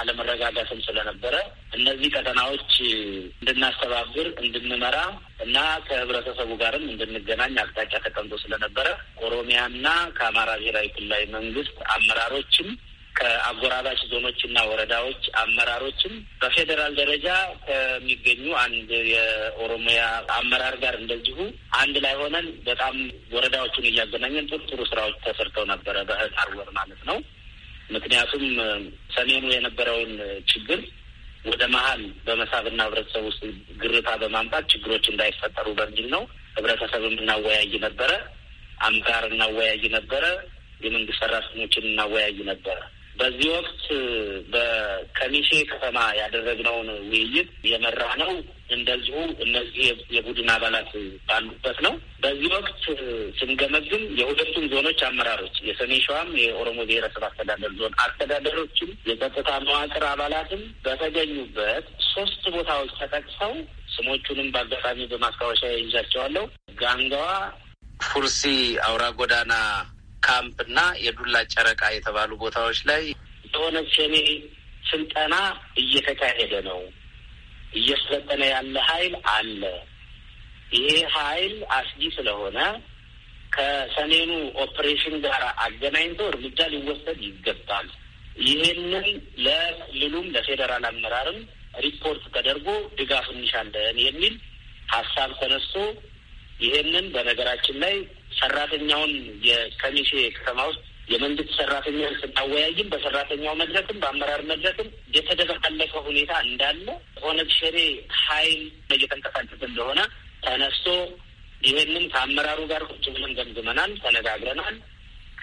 አለመረጋጋትም ስለነበረ እነዚህ ቀጠናዎች እንድናስተባብር፣ እንድንመራ እና ከህብረተሰቡ ጋርም እንድንገናኝ አቅጣጫ ተቀምጦ ስለነበረ ኦሮሚያና ከአማራ ብሔራዊ ክልላዊ መንግስት አመራሮችም ከአጎራባች ዞኖች እና ወረዳዎች አመራሮችም በፌዴራል ደረጃ ከሚገኙ አንድ የኦሮሚያ አመራር ጋር እንደዚሁ አንድ ላይ ሆነን በጣም ወረዳዎቹን እያገናኘን ጥሩ ጥሩ ስራዎች ተሰርተው ነበረ በህዳር ወር ማለት ነው። ምክንያቱም ሰሜኑ የነበረውን ችግር ወደ መሀል በመሳብና ህብረተሰብ ውስጥ ግርታ በማምጣት ችግሮች እንዳይፈጠሩ በሚል ነው። ህብረተሰብም እናወያይ ነበረ፣ አመራር እናወያይ ነበረ፣ የመንግስት ሰራተኞችን እናወያይ ነበረ። በዚህ ወቅት በከሚሴ ከተማ ያደረግነውን ውይይት የመራ ነው እንደዚሁ እነዚህ የቡድን አባላት ባሉበት ነው። በዚህ ወቅት ስንገመግም የሁለቱም ዞኖች አመራሮች የሰሜን ሸዋም የኦሮሞ ብሔረሰብ አስተዳደር ዞን አስተዳደሮችም የጸጥታ መዋቅር አባላትም በተገኙበት ሶስት ቦታዎች ተጠቅሰው ስሞቹንም በአጋጣሚ በማስታወሻ ይይዛቸዋለሁ። ጋንጋዋ፣ ፉርሲ አውራ ጎዳና ካምፕ እና የዱላ ጨረቃ የተባሉ ቦታዎች ላይ የሆነ ሸኔ ስልጠና እየተካሄደ ነው። እየሰለጠነ ያለ ሀይል አለ። ይሄ ሀይል አስጊ ስለሆነ ከሰሜኑ ኦፕሬሽን ጋር አገናኝቶ እርምጃ ሊወሰድ ይገባል። ይሄንን ለክልሉም ለፌዴራል አመራርም ሪፖርት ተደርጎ ድጋፍ እንሻለን የሚል ሀሳብ ተነስቶ ይሄንን በነገራችን ላይ ሰራተኛውን የከሚሴ ከተማ ውስጥ የመንግስት ሰራተኛን ስናወያይም በሰራተኛው መድረክም በአመራር መድረክም የተደበላለቀ ሁኔታ እንዳለ ኦነግ ሸኔ ኃይል እየተንቀሳቀስ እንደሆነ ተነስቶ ይህንም ከአመራሩ ጋር ቁጭ ብለን ገምግመናል፣ ተነጋግረናል።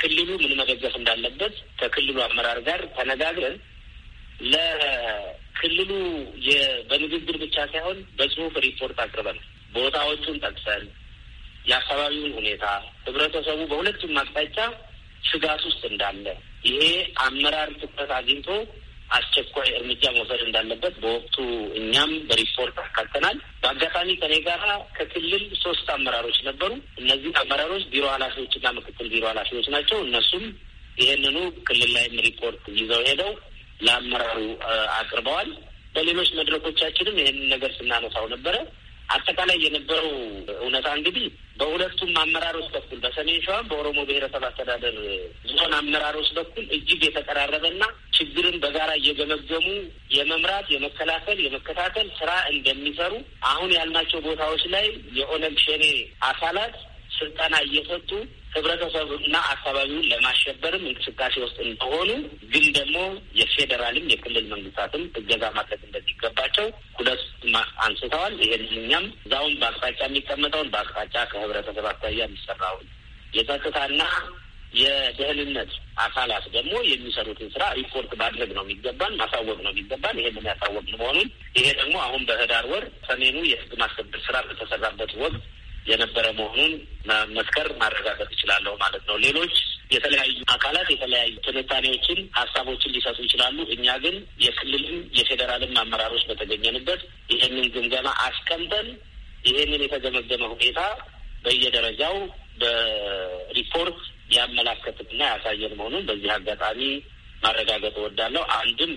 ክልሉ ምን መደገፍ እንዳለበት ከክልሉ አመራር ጋር ተነጋግረን ለክልሉ በንግግር ብቻ ሳይሆን በጽሁፍ ሪፖርት አቅርበናል። ቦታዎቹን ጠቅሰን የአካባቢውን ሁኔታ ህብረተሰቡ በሁለቱም አቅጣጫ ስጋት ውስጥ እንዳለ ይሄ አመራር ትኩረት አግኝቶ አስቸኳይ እርምጃ መውሰድ እንዳለበት በወቅቱ እኛም በሪፖርት አካተናል። በአጋጣሚ ከኔ ጋራ ከክልል ሶስት አመራሮች ነበሩ። እነዚህ አመራሮች ቢሮ ኃላፊዎችና ምክትል ቢሮ ኃላፊዎች ናቸው። እነሱም ይህንኑ ክልል ላይም ሪፖርት ይዘው ሄደው ለአመራሩ አቅርበዋል። በሌሎች መድረኮቻችንም ይህንን ነገር ስናነሳው ነበረ። አጠቃላይ የነበረው እውነታ እንግዲህ በሁለቱም አመራሮች በኩል በሰሜን ሸዋም በኦሮሞ ብሔረሰብ አስተዳደር ዞን አመራሮች በኩል እጅግ የተቀራረበና ችግርን በጋራ እየገመገሙ የመምራት የመከላከል የመከታተል ስራ እንደሚሰሩ አሁን ያልናቸው ቦታዎች ላይ የኦነግ ሸኔ አካላት ስልጠና እየሰጡ ህብረተሰቡና አካባቢውን ለማሸበርም እንቅስቃሴ ውስጥ እንደሆኑ ግን ደግሞ የፌዴራልም የክልል መንግስታትም እገዛ ማድረግ እንደሚገባቸው ሁለት አንስተዋል። ይሄን እኛም እዛውን በአቅጣጫ የሚቀመጠውን በአቅጣጫ ከህብረተሰብ አኳያ የሚሰራውን የጸጥታና የደህንነት አካላት ደግሞ የሚሰሩትን ስራ ሪፖርት ማድረግ ነው የሚገባን፣ ማሳወቅ ነው የሚገባን። ይሄንን ያሳወቅ መሆኑን ይሄ ደግሞ አሁን በህዳር ወር ሰሜኑ የህግ ማስከበር ስራ በተሰራበት ወቅት የነበረ መሆኑን መመስከር ማረጋገጥ እችላለሁ ማለት ነው። ሌሎች የተለያዩ አካላት የተለያዩ ትንታኔዎችን፣ ሀሳቦችን ሊሰጡ ይችላሉ። እኛ ግን የክልልም የፌዴራልም አመራሮች በተገኘንበት ይህንን ግምገማ አስቀምጠን ይህንን የተገመገመ ሁኔታ በየደረጃው በሪፖርት ያመላከትና ያሳየን መሆኑን በዚህ አጋጣሚ ማረጋገጥ እወዳለሁ። አንድም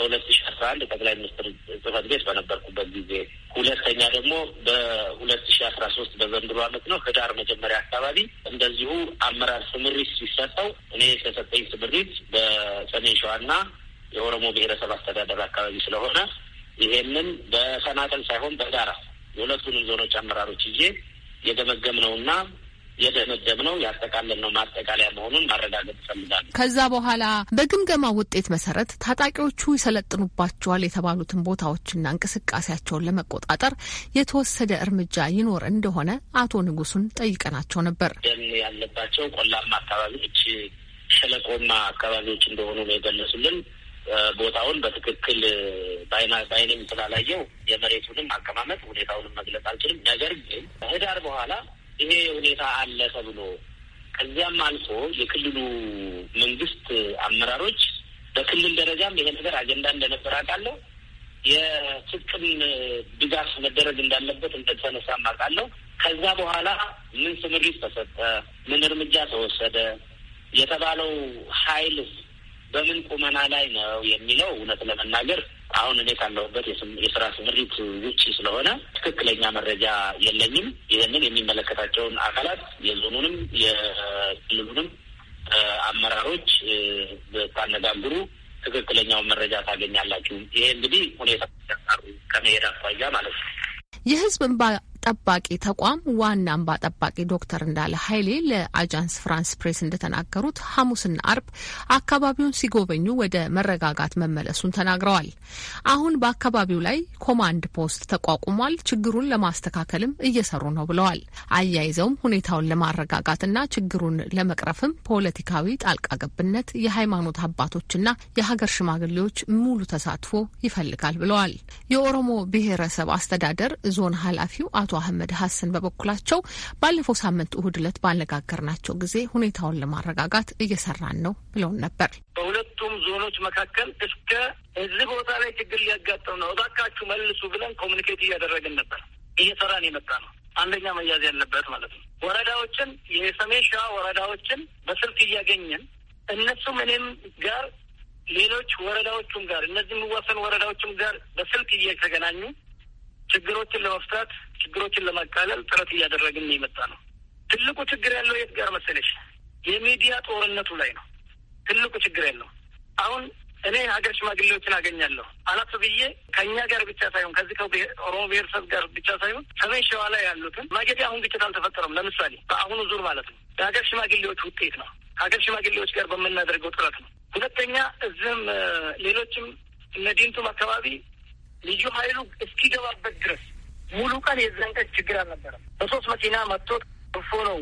በሁለት ሺ አስራ አንድ ጠቅላይ ሚኒስትር ጽህፈት ቤት በነበርኩበት ጊዜ፣ ሁለተኛ ደግሞ በሁለት ሺ አስራ ሶስት በዘንድሮ ዓመት ነው ህዳር መጀመሪያ አካባቢ እንደዚሁ አመራር ስምሪት ሲሰጠው እኔ የተሰጠኝ ስምሪት በሰሜን ሸዋና የኦሮሞ ብሔረሰብ አስተዳደር አካባቢ ስለሆነ ይሄንን በተናጠል ሳይሆን በጋራ የሁለቱንም ዞኖች አመራሮች ይዤ የገመገምነውና ነው ያጠቃለን ነው ማጠቃለያ መሆኑን ማረጋገጥ ይፈልጋሉ። ከዛ በኋላ በግምገማ ውጤት መሰረት ታጣቂዎቹ ይሰለጥኑባቸዋል የተባሉትን ቦታዎችና እንቅስቃሴያቸውን ለመቆጣጠር የተወሰደ እርምጃ ይኖር እንደሆነ አቶ ንጉሱን ጠይቀናቸው ነበር። ደን ያለባቸው ቆላማ አካባቢዎች፣ ሸለቆማ አካባቢዎች እንደሆኑ ነው የገለጹልን። ቦታውን በትክክል በአይኔም ስላላየው የመሬቱንም አቀማመጥ ሁኔታውንም መግለጽ አልችልም። ነገር ግን ህዳር በኋላ ይሄ ሁኔታ አለ ተብሎ ከዚያም አልፎ የክልሉ መንግስት አመራሮች በክልል ደረጃም ይሄ ነገር አጀንዳ እንደነበር አውቃለሁ። የፍቅም ድጋፍ መደረግ እንዳለበት እንደተነሳ አውቃለሁ። ከዛ በኋላ ምን ስምሪት ተሰጠ፣ ምን እርምጃ ተወሰደ፣ የተባለው ኃይል በምን ቁመና ላይ ነው የሚለው እውነት ለመናገር አሁን እኔ ካለሁበት የስራ ስምሪት ውጭ ስለሆነ ትክክለኛ መረጃ የለኝም። ይህንን የሚመለከታቸውን አካላት የዞኑንም የክልሉንም አመራሮች ታነጋግሩ ትክክለኛውን መረጃ ታገኛላችሁ። ይሄ እንግዲህ ሁኔታ ከመሄድ አኳያ ማለት ነው። የህዝብ እንባ ጠባቂ ተቋም ዋና አምባ ጠባቂ ዶክተር እንዳለ ኃይሌ ለአጃንስ ፍራንስ ፕሬስ እንደተናገሩት ሐሙስና አርብ አካባቢውን ሲጎበኙ ወደ መረጋጋት መመለሱን ተናግረዋል። አሁን በአካባቢው ላይ ኮማንድ ፖስት ተቋቁሟል፣ ችግሩን ለማስተካከልም እየሰሩ ነው ብለዋል። አያይዘውም ሁኔታውን ለማረጋጋትና ችግሩን ለመቅረፍም ፖለቲካዊ ጣልቃ ገብነት፣ የሃይማኖት አባቶችና የሀገር ሽማግሌዎች ሙሉ ተሳትፎ ይፈልጋል ብለዋል። የኦሮሞ ብሔረሰብ አስተዳደር ዞን ኃላፊው አቶ አህመድ ሀሰን በበኩላቸው ባለፈው ሳምንት እሁድ ዕለት ባነጋገርናቸው ጊዜ ሁኔታውን ለማረጋጋት እየሰራን ነው ብለውን ነበር። በሁለቱም ዞኖች መካከል እስከ እዚህ ቦታ ላይ ችግር ሊያጋጥም ነው እባካችሁ መልሱ ብለን ኮሚኒኬት እያደረግን ነበር። እየሰራን የመጣ ነው። አንደኛ መያዝ ያለበት ማለት ነው። ወረዳዎችን የሰሜን ሸዋ ወረዳዎችን በስልክ እያገኘን እነሱም እኔም ጋር ሌሎች ወረዳዎቹም ጋር እነዚህ የሚዋሰኑ ወረዳዎችም ጋር በስልክ እየተገናኙ ችግሮችን ለመፍታት ችግሮችን ለማቃለል ጥረት እያደረግን የመጣ ነው። ትልቁ ችግር ያለው የት ጋር መሰለሽ? የሚዲያ ጦርነቱ ላይ ነው ትልቁ ችግር ያለው። አሁን እኔ ሀገር ሽማግሌዎችን አገኛለሁ አላት ብዬ ከእኛ ጋር ብቻ ሳይሆን ከዚህ ከኦሮሞ ብሔረሰብ ጋር ብቻ ሳይሆን ሰሜን ሸዋ ላይ ያሉትን ማጌዲ አሁን ግጭት አልተፈጠረም። ለምሳሌ በአሁኑ ዙር ማለት ነው የሀገር ሽማግሌዎች ውጤት ነው። ሀገር ሽማግሌዎች ጋር በምናደርገው ጥረት ነው። ሁለተኛ እዚህም ሌሎችም እነ ዲንቱም አካባቢ ልዩ ኃይሉ እስኪገባበት ድረስ ሙሉ ቀን የዛን ቀን ችግር አልነበረም። በሶስት መኪና መጥቶ ክፎ ነው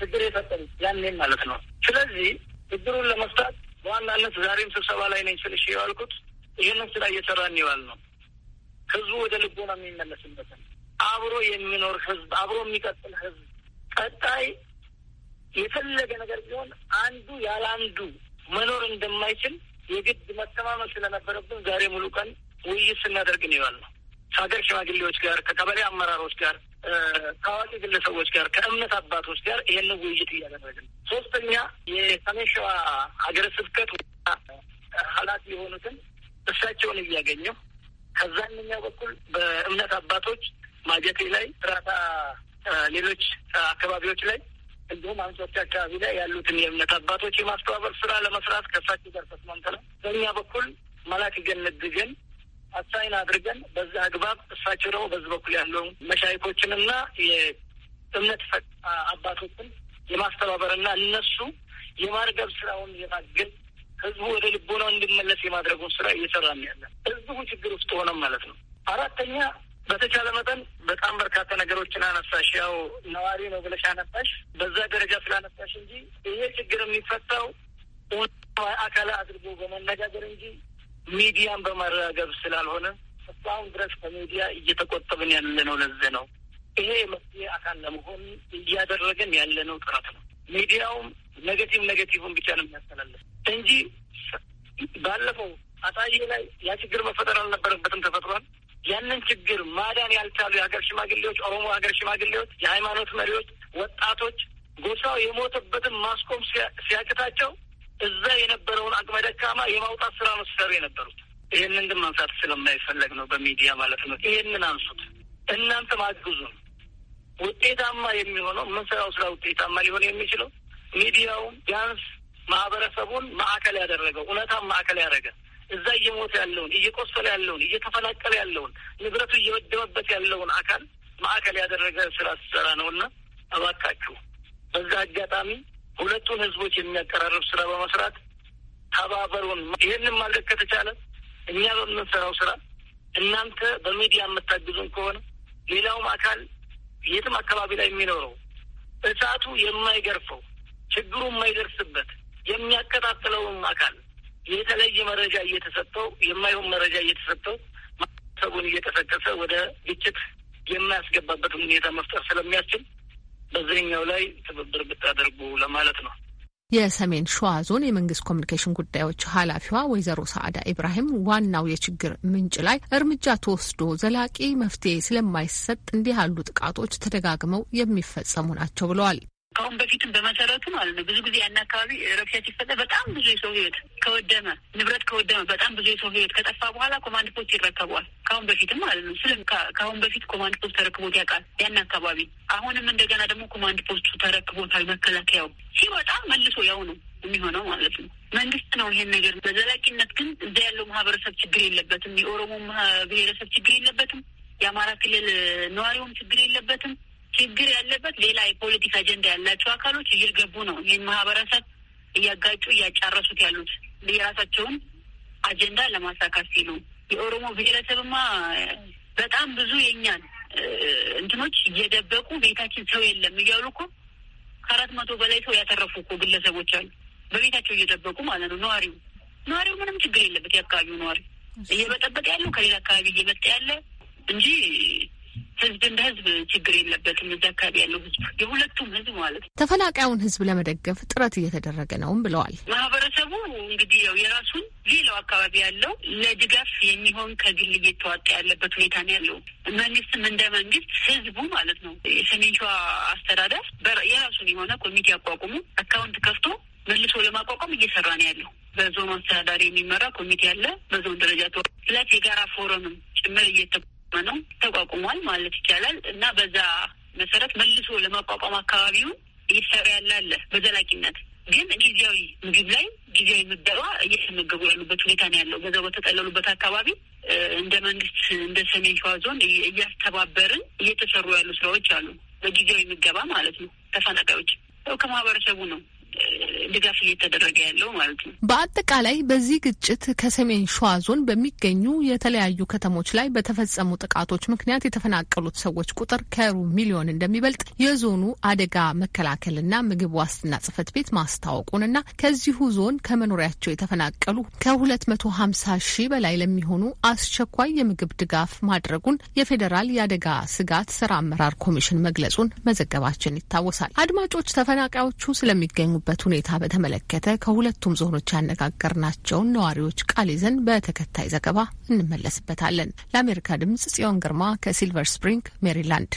ችግር የፈጠሩት ያኔም ማለት ነው። ስለዚህ ችግሩን ለመፍታት በዋናነት ዛሬም ስብሰባ ላይ ነኝ ስልሽ የዋልኩት ይህንን ስራ እየሰራን ይዋል ነው። ህዝቡ ወደ ልቦና የሚመለስበትን አብሮ የሚኖር ህዝብ፣ አብሮ የሚቀጥል ህዝብ ቀጣይ የፈለገ ነገር ቢሆን አንዱ ያለ አንዱ መኖር እንደማይችል የግድ መተማመን ስለነበረብን ዛሬ ሙሉ ቀን ውይይት ስናደርግ ነው የዋልነው። ከሀገር ሽማግሌዎች ጋር፣ ከቀበሌ አመራሮች ጋር፣ ከአዋቂ ግለሰቦች ጋር፣ ከእምነት አባቶች ጋር ይህንን ውይይት እያደረግን ነው። ሶስተኛ የሰሜን ሸዋ ሀገረ ስብከት ኃላፊ የሆኑትን እሳቸውን እያገኘው ከዛኛው በኩል በእምነት አባቶች ማጀቴ ላይ ራታ፣ ሌሎች አካባቢዎች ላይ እንዲሁም አንሶች አካባቢ ላይ ያሉትን የእምነት አባቶች የማስተባበር ስራ ለመስራት ከእሳቸው ጋር ተስማምተናል። በእኛ በኩል መላክ ገነት ግን አሳይን አድርገን በዚህ አግባብ እሳቸው ደግሞ በዚህ በኩል ያለውን መሻይኮችንና የእምነት አባቶችን የማስተባበርና እነሱ የማርገብ ስራውን የማገዝ ህዝቡ ወደ ልቦናው እንዲመለስ የማድረጉን ስራ እየሰራ ያለን ህዝቡ ችግር ውስጥ ሆነም ማለት ነው። አራተኛ በተቻለ መጠን በጣም በርካታ ነገሮችን አነሳሽ። ያው ነዋሪ ነው ብለሽ አነሳሽ፣ በዛ ደረጃ ስላነሳሽ እንጂ ይሄ ችግር የሚፈታው አካል አድርጎ በመነጋገር እንጂ ሚዲያን በማረጋገብ ስላልሆነ እስካሁን ድረስ ከሚዲያ እየተቆጠብን ያለነው ለዘ ነው። ይሄ መፍትሄ አካል ለመሆን እያደረገን ያለነው ጥረት ነው። ሚዲያውም ኔጌቲቭ ኔጌቲቭን ብቻ ነው የሚያስተላለፍ እንጂ ባለፈው አጣዬ ላይ ያ ችግር መፈጠር አልነበረበትም፣ ተፈጥሯል። ያንን ችግር ማዳን ያልቻሉ የሀገር ሽማግሌዎች፣ ኦሮሞ ሀገር ሽማግሌዎች፣ የሃይማኖት መሪዎች፣ ወጣቶች ጎሳው የሞተበትን ማስቆም ሲያቅታቸው እዛ የነበረውን አቅመ ደካማ የማውጣት ስራ ነው ሲሰሩ የነበሩት። ይህንን ግን ማንሳት ስለማይፈለግ ነው በሚዲያ ማለት ነው። ይህንን አንሱት፣ እናንተም አግዙን። ውጤታማ የሚሆነው የምንሰራው ስራ ውጤታማ ሊሆን የሚችለው ሚዲያውም ቢያንስ ማህበረሰቡን ማዕከል ያደረገው እውነታም ማዕከል ያደረገ እዛ እየሞተ ያለውን እየቆሰለ ያለውን እየተፈናቀለ ያለውን ንብረቱ እየወደመበት ያለውን አካል ማዕከል ያደረገ ስራ ሲሰራ እና እባካችሁ በዛ አጋጣሚ ሁለቱን ህዝቦች የሚያቀራርብ ስራ በመስራት ተባበሩን። ይህንን ማድረግ ከተቻለ እኛ በምንሰራው ስራ እናንተ በሚዲያ የምታግዙን ከሆነ ሌላውም አካል የትም አካባቢ ላይ የሚኖረው እሳቱ የማይገርፈው ችግሩ የማይደርስበት የሚያቀጣጥለውም አካል የተለየ መረጃ እየተሰጠው የማይሆን መረጃ እየተሰጠው ማህበረሰቡን እየቀሰቀሰ ወደ ግጭት የማያስገባበትን ሁኔታ መፍጠር ስለሚያስችል በዚህኛው ላይ ትብብር ብታደርጉ ለማለት ነው። የሰሜን ሸዋ ዞን የመንግስት ኮሚኒኬሽን ጉዳዮች ኃላፊዋ ወይዘሮ ሰዓዳ ኢብራሂም ዋናው የችግር ምንጭ ላይ እርምጃ ተወስዶ ዘላቂ መፍትሄ ስለማይሰጥ እንዲህ ያሉ ጥቃቶች ተደጋግመው የሚፈጸሙ ናቸው ብለዋል። ከአሁን በፊትም በመሰረቱ ማለት ነው ብዙ ጊዜ ያን አካባቢ ረብሻ ሲፈጠር በጣም ብዙ የሰው ህይወት ከወደመ ንብረት ከወደመ በጣም ብዙ የሰው ህይወት ከጠፋ በኋላ ኮማንድ ፖስት ይረከቧል። ከአሁን በፊትም ማለት ነው ስለም ከአሁን በፊት ኮማንድ ፖስት ተረክቦት ያውቃል ያን አካባቢ። አሁንም እንደገና ደግሞ ኮማንድ ፖስቱ ተረክቦታል። መከላከያው ሲወጣ መልሶ ያው ነው የሚሆነው ማለት ነው። መንግስት ነው ይሄን ነገር በዘላቂነት ግን እዛ ያለው ማህበረሰብ ችግር የለበትም። የኦሮሞ ብሔረሰብ ችግር የለበትም። የአማራ ክልል ነዋሪውም ችግር የለበትም። ችግር ያለበት ሌላ የፖለቲካ አጀንዳ ያላቸው አካሎች እየገቡ ነው ይህን ማህበረሰብ እያጋጩ እያጫረሱት ያሉት የራሳቸውን አጀንዳ ለማሳካት ሲሉ የኦሮሞ ብሔረሰብማ በጣም ብዙ የኛን እንትኖች እየደበቁ ቤታችን ሰው የለም እያሉ እኮ ከአራት መቶ በላይ ሰው ያተረፉ እኮ ግለሰቦች አሉ። በቤታቸው እየደበቁ ማለት ነው። ነዋሪው ነዋሪው ምንም ችግር የለበት። የአካባቢው ነዋሪ እየበጠበጠ ያለው ከሌላ አካባቢ እየመጣ ያለ እንጂ ህዝብ እንደ ህዝብ ችግር የለበትም። እዚ አካባቢ ያለው ህዝብ የሁለቱም ህዝብ ማለት ነው። ተፈናቃዩን ህዝብ ለመደገፍ ጥረት እየተደረገ ነውም ብለዋል። ማህበረሰቡ እንግዲህ ያው የራሱን ሌላው አካባቢ ያለው ለድጋፍ የሚሆን ከግል እየተዋጣ ያለበት ሁኔታ ነው ያለው። መንግስትም እንደ መንግስት ህዝቡ ማለት ነው የሰሜን ሸዋ አስተዳደር የራሱን የሆነ ኮሚቴ አቋቁሞ አካውንት ከፍቶ መልሶ ለማቋቋም እየሰራ ነው ያለው። በዞን አስተዳዳሪ የሚመራ ኮሚቴ አለ። በዞን ደረጃ ፕላስ የጋራ ፎረምም ጭምር እየተ ነው ተቋቁሟል ማለት ይቻላል እና በዛ መሰረት መልሶ ለማቋቋም አካባቢውን እየሰራ ያላለ በዘላቂነት ግን ጊዜያዊ ምግብ ላይ ጊዜያዊ ምደባ እየተመገቡ ያሉበት ሁኔታ ነው ያለው። በዛው በተጠለሉበት አካባቢ እንደ መንግስት እንደ ሰሜን ሸዋ ዞን እያስተባበርን እየተሰሩ ያሉ ስራዎች አሉ። በጊዜያዊ ምገባ ማለት ነው። ተፈናቃዮች ከማህበረሰቡ ነው ድጋፍ እየተደረገ ያለው ማለት ነው። በአጠቃላይ በዚህ ግጭት ከሰሜን ሸዋ ዞን በሚገኙ የተለያዩ ከተሞች ላይ በተፈጸሙ ጥቃቶች ምክንያት የተፈናቀሉት ሰዎች ቁጥር ከሩብ ሚሊዮን እንደሚበልጥ የዞኑ አደጋ መከላከልና ምግብ ዋስትና ጽሕፈት ቤት ማስታወቁንና ከዚሁ ዞን ከመኖሪያቸው የተፈናቀሉ ከሁለት መቶ ሀምሳ ሺህ በላይ ለሚሆኑ አስቸኳይ የምግብ ድጋፍ ማድረጉን የፌዴራል የአደጋ ስጋት ስራ አመራር ኮሚሽን መግለጹን መዘገባችን ይታወሳል። አድማጮች ተፈናቃዮቹ ስለሚገኙ ያሉበት ሁኔታ በተመለከተ ከሁለቱም ዞኖች ያነጋገርናቸውን ነዋሪዎች ቃል ይዘን በተከታይ ዘገባ እንመለስበታለን። ለአሜሪካ ድምጽ ጽዮን ግርማ ከሲልቨር ስፕሪንግ ሜሪላንድ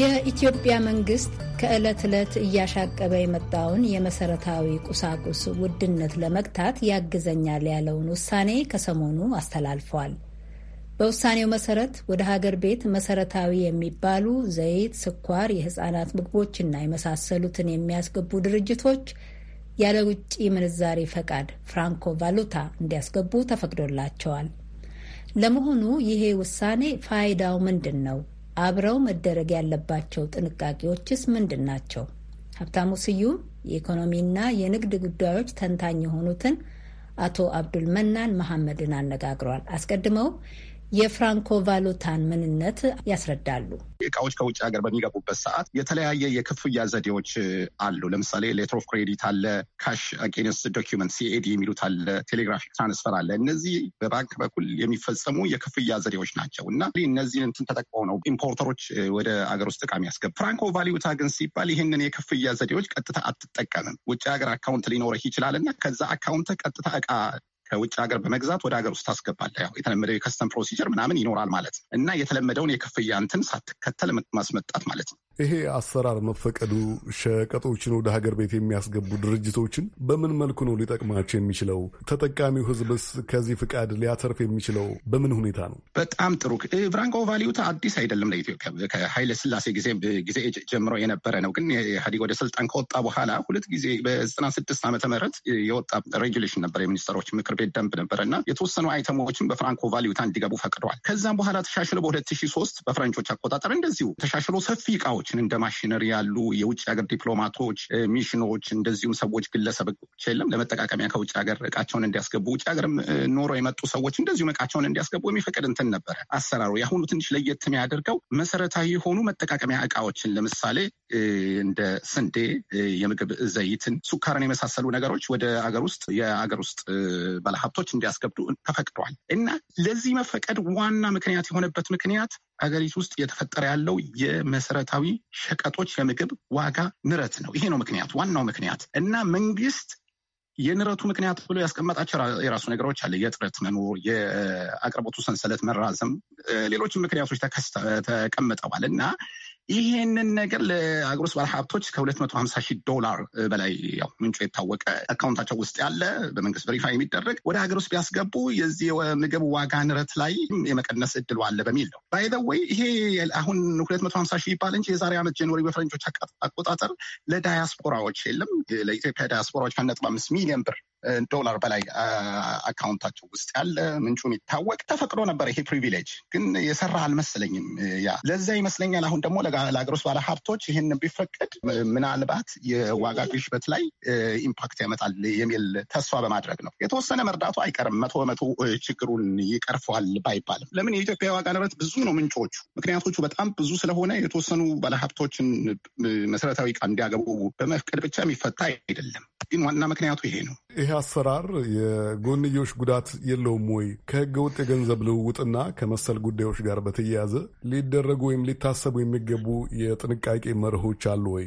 የኢትዮጵያ መንግስት ከዕለት ዕለት እያሻቀበ የመጣውን የመሰረታዊ ቁሳቁስ ውድነት ለመግታት ያግዘኛል ያለውን ውሳኔ ከሰሞኑ አስተላልፏል። በውሳኔው መሰረት ወደ ሀገር ቤት መሰረታዊ የሚባሉ ዘይት፣ ስኳር፣ የህፃናት ምግቦችና የመሳሰሉትን የሚያስገቡ ድርጅቶች ያለ ውጭ ምንዛሬ ፈቃድ ፍራንኮ ቫሉታ እንዲያስገቡ ተፈቅዶላቸዋል። ለመሆኑ ይሄ ውሳኔ ፋይዳው ምንድን ነው? አብረው መደረግ ያለባቸው ጥንቃቄዎችስ ምንድን ናቸው? ሀብታሙ ስዩም የኢኮኖሚና የንግድ ጉዳዮች ተንታኝ የሆኑትን አቶ አብዱል መናን መሐመድን አነጋግሯል። አስቀድመው የፍራንኮ ቫሉታን ምንነት ያስረዳሉ። እቃዎች ከውጭ ሀገር በሚገቡበት ሰዓት የተለያየ የክፍያ ዘዴዎች አሉ። ለምሳሌ ሌተር ኦፍ ክሬዲት አለ፣ ካሽ አጌንስት ዶኪመንት ሲኤዲ የሚሉት አለ፣ ቴሌግራፊክ ትራንስፈር አለ። እነዚህ በባንክ በኩል የሚፈጸሙ የክፍያ ዘዴዎች ናቸው እና እነዚህን እንትን ተጠቅመው ነው ኢምፖርተሮች ወደ አገር ውስጥ እቃ የሚያስገቡ። ፍራንኮ ቫሉታ ግን ሲባል ይህንን የክፍያ ዘዴዎች ቀጥታ አትጠቀምም። ውጭ ሀገር አካውንት ሊኖረህ ይችላል እና ከዛ አካውንት ቀጥታ እቃ ከውጭ ሀገር በመግዛት ወደ ሀገር ውስጥ ታስገባለ። ያው የተለመደው የከስተም ፕሮሲጀር ምናምን ይኖራል ማለት ነው እና የተለመደውን የክፍያ እንትን ሳትከተል ማስመጣት ማለት ነው። ይሄ አሰራር መፈቀዱ ሸቀጦችን ወደ ሀገር ቤት የሚያስገቡ ድርጅቶችን በምን መልኩ ነው ሊጠቅማቸው የሚችለው? ተጠቃሚው ህዝብስ ከዚህ ፍቃድ ሊያተርፍ የሚችለው በምን ሁኔታ ነው? በጣም ጥሩ። ብራንኮ ቫሊዩታ አዲስ አይደለም ለኢትዮጵያ። ከኃይለ ስላሴ ጊዜ ጊዜ ጀምሮ የነበረ ነው። ግን ኢህአዴግ ወደ ስልጣን ከወጣ በኋላ ሁለት ጊዜ በዘጠና ስድስት ዓመተ ምህረት የወጣ ሬጉሌሽን ነበር፣ የሚኒስትሮች ምክር ቤት ደንብ ነበረ እና የተወሰኑ አይተሞችን በፍራንኮ ቫሊዩታ እንዲገቡ ፈቅደዋል። ከዛም በኋላ ተሻሽሎ በሁለት ሺህ ሶስት በፈረንጆች አቆጣጠር እንደዚሁ ተሻሽሎ ሰፊ እቃዎች ሰዎችን እንደ ማሽነሪ ያሉ የውጭ ሀገር ዲፕሎማቶች፣ ሚሽኖች እንደዚሁም ሰዎች ግለሰቦች የለም ለመጠቃቀሚያ ከውጭ ሀገር እቃቸውን እንዲያስገቡ ውጭ ሀገርም ኖሮ የመጡ ሰዎች እንደዚሁም እቃቸውን እንዲያስገቡ የሚፈቅድ እንትን ነበረ አሰራሩ። የአሁኑ ትንሽ ለየት የሚያደርገው መሰረታዊ የሆኑ መጠቃቀሚያ እቃዎችን ለምሳሌ እንደ ስንዴ፣ የምግብ ዘይትን፣ ሱካርን የመሳሰሉ ነገሮች ወደ አገር ውስጥ የአገር ውስጥ ባለሀብቶች እንዲያስገብዱ ተፈቅዷል እና ለዚህ መፈቀድ ዋና ምክንያት የሆነበት ምክንያት አገሪቱ ውስጥ እየተፈጠረ ያለው የመሰረታዊ ሸቀጦች የምግብ ዋጋ ንረት ነው። ይሄ ነው ምክንያት ዋናው ምክንያት እና መንግስት የንረቱ ምክንያት ብሎ ያስቀመጣቸው የራሱ ነገሮች አለ። የጥረት መኖር፣ የአቅርቦቱ ሰንሰለት መራዘም፣ ሌሎችም ምክንያቶች ተቀምጠዋል እና ይህንን ነገር ለአገር ውስጥ ባለሀብቶች እስከ ሁለት መቶ ሀምሳ ሺህ ዶላር በላይ ያው ምንጩ የታወቀ አካውንታቸው ውስጥ ያለ በመንግስት በሪፋ የሚደረግ ወደ ሀገር ውስጥ ቢያስገቡ የዚህ ምግብ ዋጋ ንረት ላይ የመቀነስ እድሉ አለ በሚል ነው። ባይዘወይ ይሄ አሁን ሁለት መቶ ሀምሳ ሺህ ይባል እንጂ የዛሬ ዓመት ጀንወሪ በፈረንጆች አቆጣጠር ለዳያስፖራዎች የለም ለኢትዮጵያ ዳያስፖራዎች ከነጥብ አምስት ሚሊዮን ብር ዶላር በላይ አካውንታቸው ውስጥ ያለ ምንጩ የሚታወቅ ተፈቅዶ ነበር። ይሄ ፕሪቪሌጅ ግን የሰራ አልመሰለኝም። ያ ለዛ ይመስለኛል። አሁን ደግሞ ለሀገር ውስጥ ባለሀብቶች ይህን ቢፈቀድ ምናልባት የዋጋ ግሽበት ላይ ኢምፓክት ያመጣል የሚል ተስፋ በማድረግ ነው። የተወሰነ መርዳቱ አይቀርም። መቶ በመቶ ችግሩን ይቀርፈዋል ባይባልም፣ ለምን የኢትዮጵያ የዋጋ ንረት ብዙ ነው። ምንጮቹ ምክንያቶቹ በጣም ብዙ ስለሆነ የተወሰኑ ባለሀብቶችን መሰረታዊ ዕቃ እንዲያገቡ በመፍቀድ ብቻ የሚፈታ አይደለም። ግን ዋና ምክንያቱ ይሄ ነው። ይህ አሰራር የጎንዮሽ ጉዳት የለውም ወይ? ከህገ ወጥ የገንዘብ ልውውጥና ከመሰል ጉዳዮች ጋር በተያያዘ ሊደረጉ ወይም ሊታሰቡ የሚገቡ የጥንቃቄ መርሆች አሉ ወይ?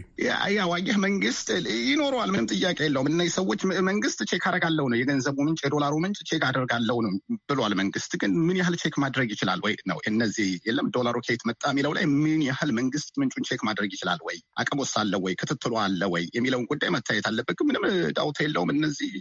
ያዋየህ መንግስት ይኖረዋል። ምንም ጥያቄ የለውም። እነዚህ ሰዎች መንግስት ቼክ አደርጋለሁ ነው የገንዘቡ ምንጭ የዶላሩ ምንጭ ቼክ አደርጋለሁ ነው ብሏል። መንግስት ግን ምን ያህል ቼክ ማድረግ ይችላል ወይ ነው እነዚህ የለም ዶላሩ ከየት መጣ የሚለው ላይ ምን ያህል መንግስት ምንጩን ቼክ ማድረግ ይችላል ወይ አቅሞስ አለ ወይ ክትትሉ አለ ወይ የሚለውን ጉዳይ መታየት አለበት። ምንም ዳውት የለውም። እነዚህ